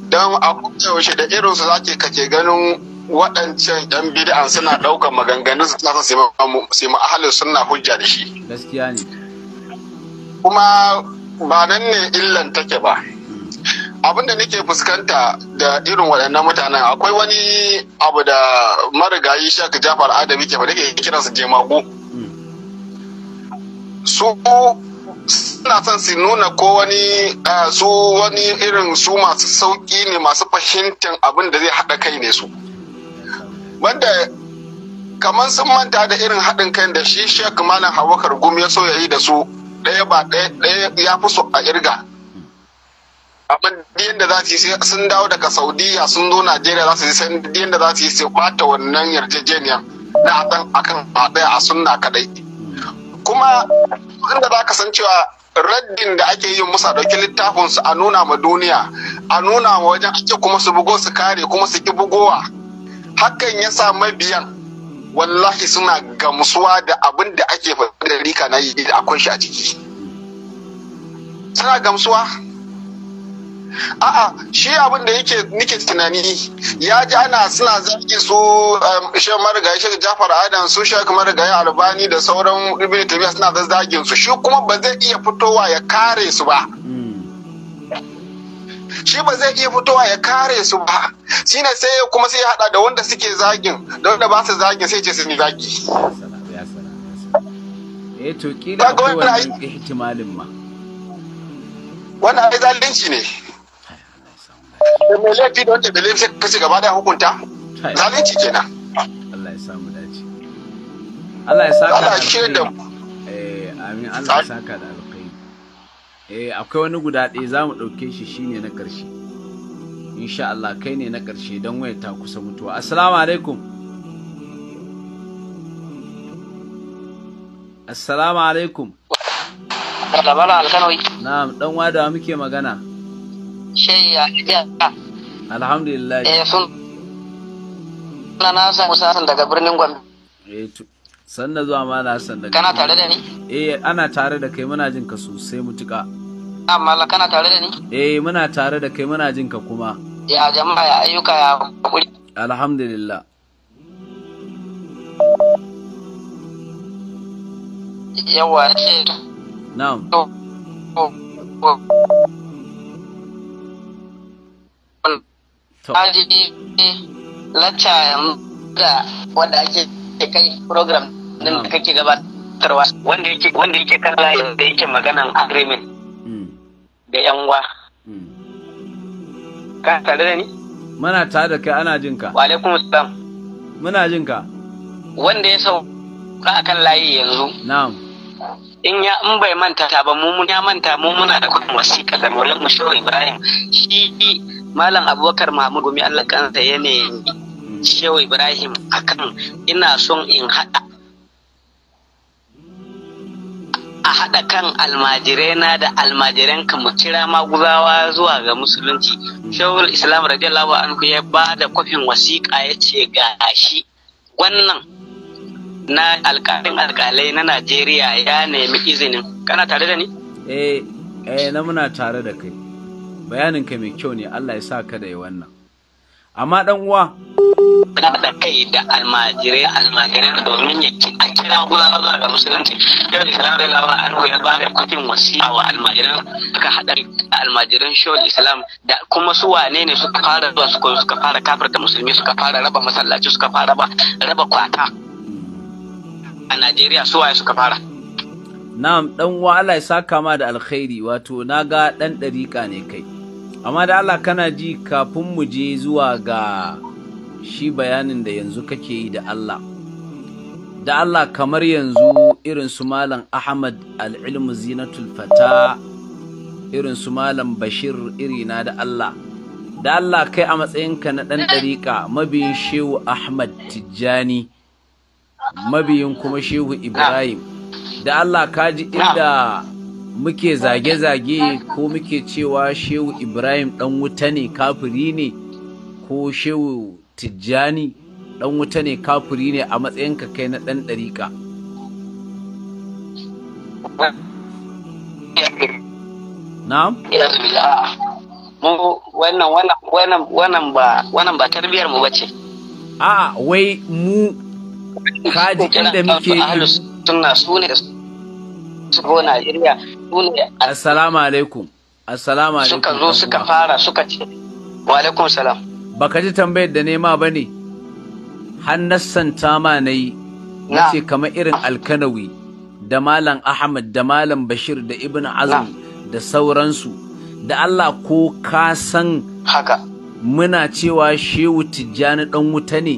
don a yaushe da irinsu zake kake ganin waɗancan yan bid'an suna ɗaukar maganganun su nasa sai ma ahalin suna hujja da shi kuma ba nan ne illan take ba abin da nake fuskanta da irin waɗannan mutanen akwai wani abu da marigayi shak jafar adabi ke faɗi ke kiransu jemagu su suna son su nuna ko wani su wani irin su masu sauƙi ne masu fahimtar abin da zai haɗa kai ne su wanda kamar sun manta da irin haɗin kai da shi shek malam hawakar gum ya so ya yi da su ɗaya ba ɗaya ya fi so a irga abin da za su yi sun dawo daga saudiya sun zo najeriya za su yi san da za su yi sai bata wannan yarjejeniyar na haɗin akan haɗaya a sunna kadai kuma inda za ka san cewa raddin da ake yin musa ɗauki littafinsu a nuna ma duniya a nuna ma wajen ake kuma su bugo su kare kuma su ki bugowa hakan ya sa mabiyan wallahi suna gamsuwa da abin da ake faɗa da rika na yi da akwai shi a ciki suna gamsuwa a'a shi abin da yake nike tunani ya ji ana suna zaki su um, shan marigayi shi jafar adam su shi marigayi albani da sauran ibn tabiya suna da zagin su shi kuma ba zai iya fitowa ya kare su ba shi ba zai iya fitowa ya kare su ba shine sai kuma sai ya hada da wanda suke zagin da wanda ba su zagin sai ce su yi zagi eh to kila ko ihtimalin ma wannan ai zalunci ne da mai laifi da wanda da laifi sai kace gaba da hukunta zalunci kenan Allah ya samu dace Allah ya saka Allah shi da eh amin Allah ya saka da alkhairi eh akwai wani guda ɗaya za mu ɗauke shi shine na ƙarshe insha Allah kai ne na ƙarshe don waya ta kusa mutuwa assalamu alaikum assalamu alaikum Bala Alkanoyi. Na'am, da wadawa muke magana. shayya ya alhamdulillah eh sun na na san musasan daga birnin Gombe eh sanna zuwa ma na san daga kana tare da ni eh ana tare da kai muna jin ka sosai mutuka amma kana tare da ni eh muna tare da kai muna jin ka kuma ya jama'a ya ayyuka ya hakuri alhamdulillah yawa ce na'am Ajibi lacca ga wanda ake kai program din hmm. da kake gabatarwa wanda yake wanda yake kan layin da yake maganan agreement hmm. da yan wa. Hmm. Ka tare da ni? Muna tare da kai ana jin ka. Wa alaikum assalam. Muna jin ka. Wanda ya sauka akan layi yanzu. Na'am. in ya in bai manta ta ba mu ya manta mu muna da kudin wasiƙa da Maulana Shehu Ibrahim shi malam abubakar mahmud gumi allah kansa ya ne shehu ibrahim akan ina son in haɗa a haɗa kan almajirai na da almajiran ka mu kira maguzawa zuwa ga musulunci Shehu islam radiyallahu anhu ya ba da kwafin wasiƙa ya ce ga shi wannan na alƙalin alƙalai na najeriya ya nemi izinin kana tare da ni eh eh na muna tare da kai bayaninka mai kyau ne Allah ya sa ka da yi wannan amma ɗan uwa na da kai da almajirai almajirai domin ya a kira gudanar zuwa ga musulunci yau islam da lawa an ya ba da kudin wasiya wa almajiran suka haɗa almajiran shawar islam da kuma su wane ne suka fara zuwa suka suka fara kafir da musulmi suka fara raba masallaci suka fara raba kwata a najeriya su waye suka fara na'am dan uwa Allah ya saka ma da alkhairi wato na ga ɗan ɗariƙa ne kai amma da Allah kana ji kafin mu je zuwa ga shi bayanin da yanzu kake yi da Allah da Allah kamar yanzu irin su malam Ahmad al-ilmu zinatul fata irin su malam Bashir irina da Allah da Allah kai a matsayinka na ɗan ɗariƙa mabiyin shehu Ahmad Tijjani mabiyin kuma shehu Ibrahim da Allah ka ji inda muke zage-zage ko muke cewa shehu ibrahim dan wuta ne kafiri ne ko shehu tijjani dan wuta ne kafiri ne a matsayinka kai na dan ɗariƙa na'am wannan ba tarbiyar mu bace a wai mu kaji inda muke yi suna su ne da su shigo Najeriya su ne Assalamu alaikum Assalamu alaikum suka zo suka fara suka ce wa alaikum salam baka ji tambayar da nema bane har ta ma nayi nace kamar irin alkanawi da malam Ahmad da malam Bashir da Ibn Azmi, da sauransu da Allah ko ka san haka muna cewa shehu tijjani dan wuta ne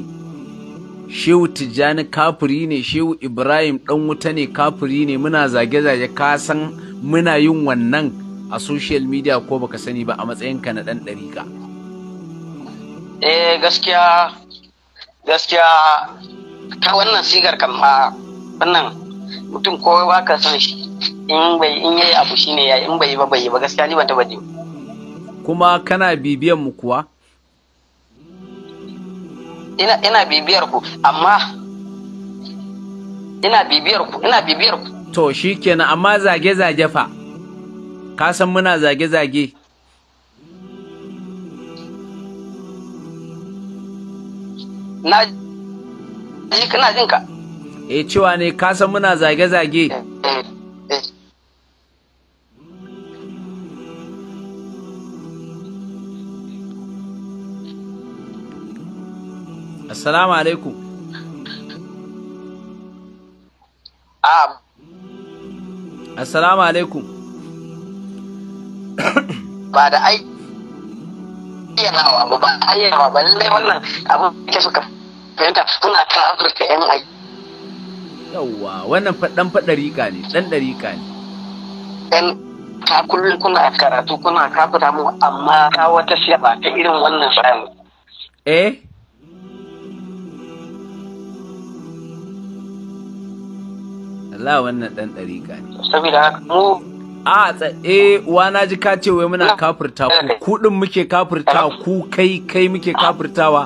shehu tijjani kafuri ne shehu ibrahim dan wuta ne kafuri ne muna zage-zage ka san muna yin wannan a social media ko baka sani ba a matsayinka na dan ɗarika eh gaskiya gaskiya ta wannan sigar kan ma wannan mutum ko ba ka san shi in bai in yayi abu shine yayi in bai ba bai ba gaskiya ni ban taba kuma kana bibiyan mu kuwa ina bibiyar ku amma ina bibiyar ku ina bibiyar ku to shikenan amma zage zage fa ka san muna zage zage na ji kana jin ka eh cewa ne ka san muna zage zage eh. eh. Salamu alaikum. Assalamu alaikum. Ba da ai ayyanawa ba ba wa ba lallai wannan abin da suka fahimta suna ta Afirka yan ai. Yawwa wannan dan fadarika ne dan darika ne. Dan ta kullum kuna karatu kuna kafura mu amma ta wata siya ba ta irin wannan tsarin. Eh? la wannan dan dariƙa ne saboda haka mu a tsaye eh, uwa na ji ka ce wai muna kafirta ku kuɗin muke kafirta ku kai kai muke kafirtawa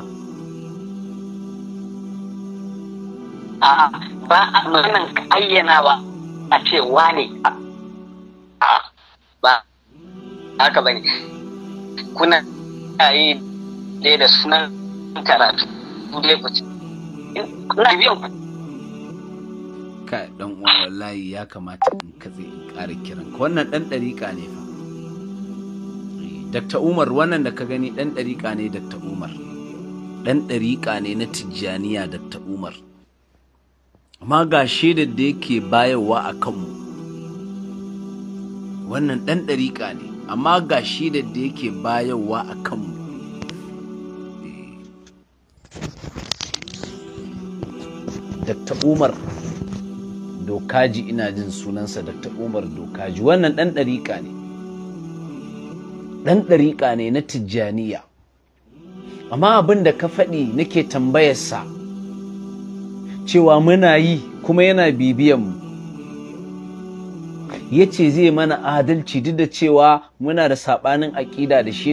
ba a maganan ayyana ba a ce wane ba haka ne kuna yi dai da sunan karatu dai ku ce ina biyan ku ka dan uwa wallahi ya kamata in katse in ƙara kiran ka wannan dan dariƙa ne fa eh, Dr. Umar wannan da ka gani dan dariƙa ne Dr. Umar dan dariƙa ne na Tijjaniya Dr. Umar amma ga shaidar da yake bayarwa a kanmu wannan dan dariƙa ne amma ga shaidar da yake bayarwa a kanmu eh. Dr. Umar dokaji ina jin sunansa dr umar dokaji wannan ɗan ɗariƙa ne ɗan ɗariƙa ne na tijjaniya amma abin da ka faɗi nake tambayarsa cewa muna yi kuma yana bibiyan mu ya ce zai mana adalci duk da cewa muna da saɓanin aƙida da shi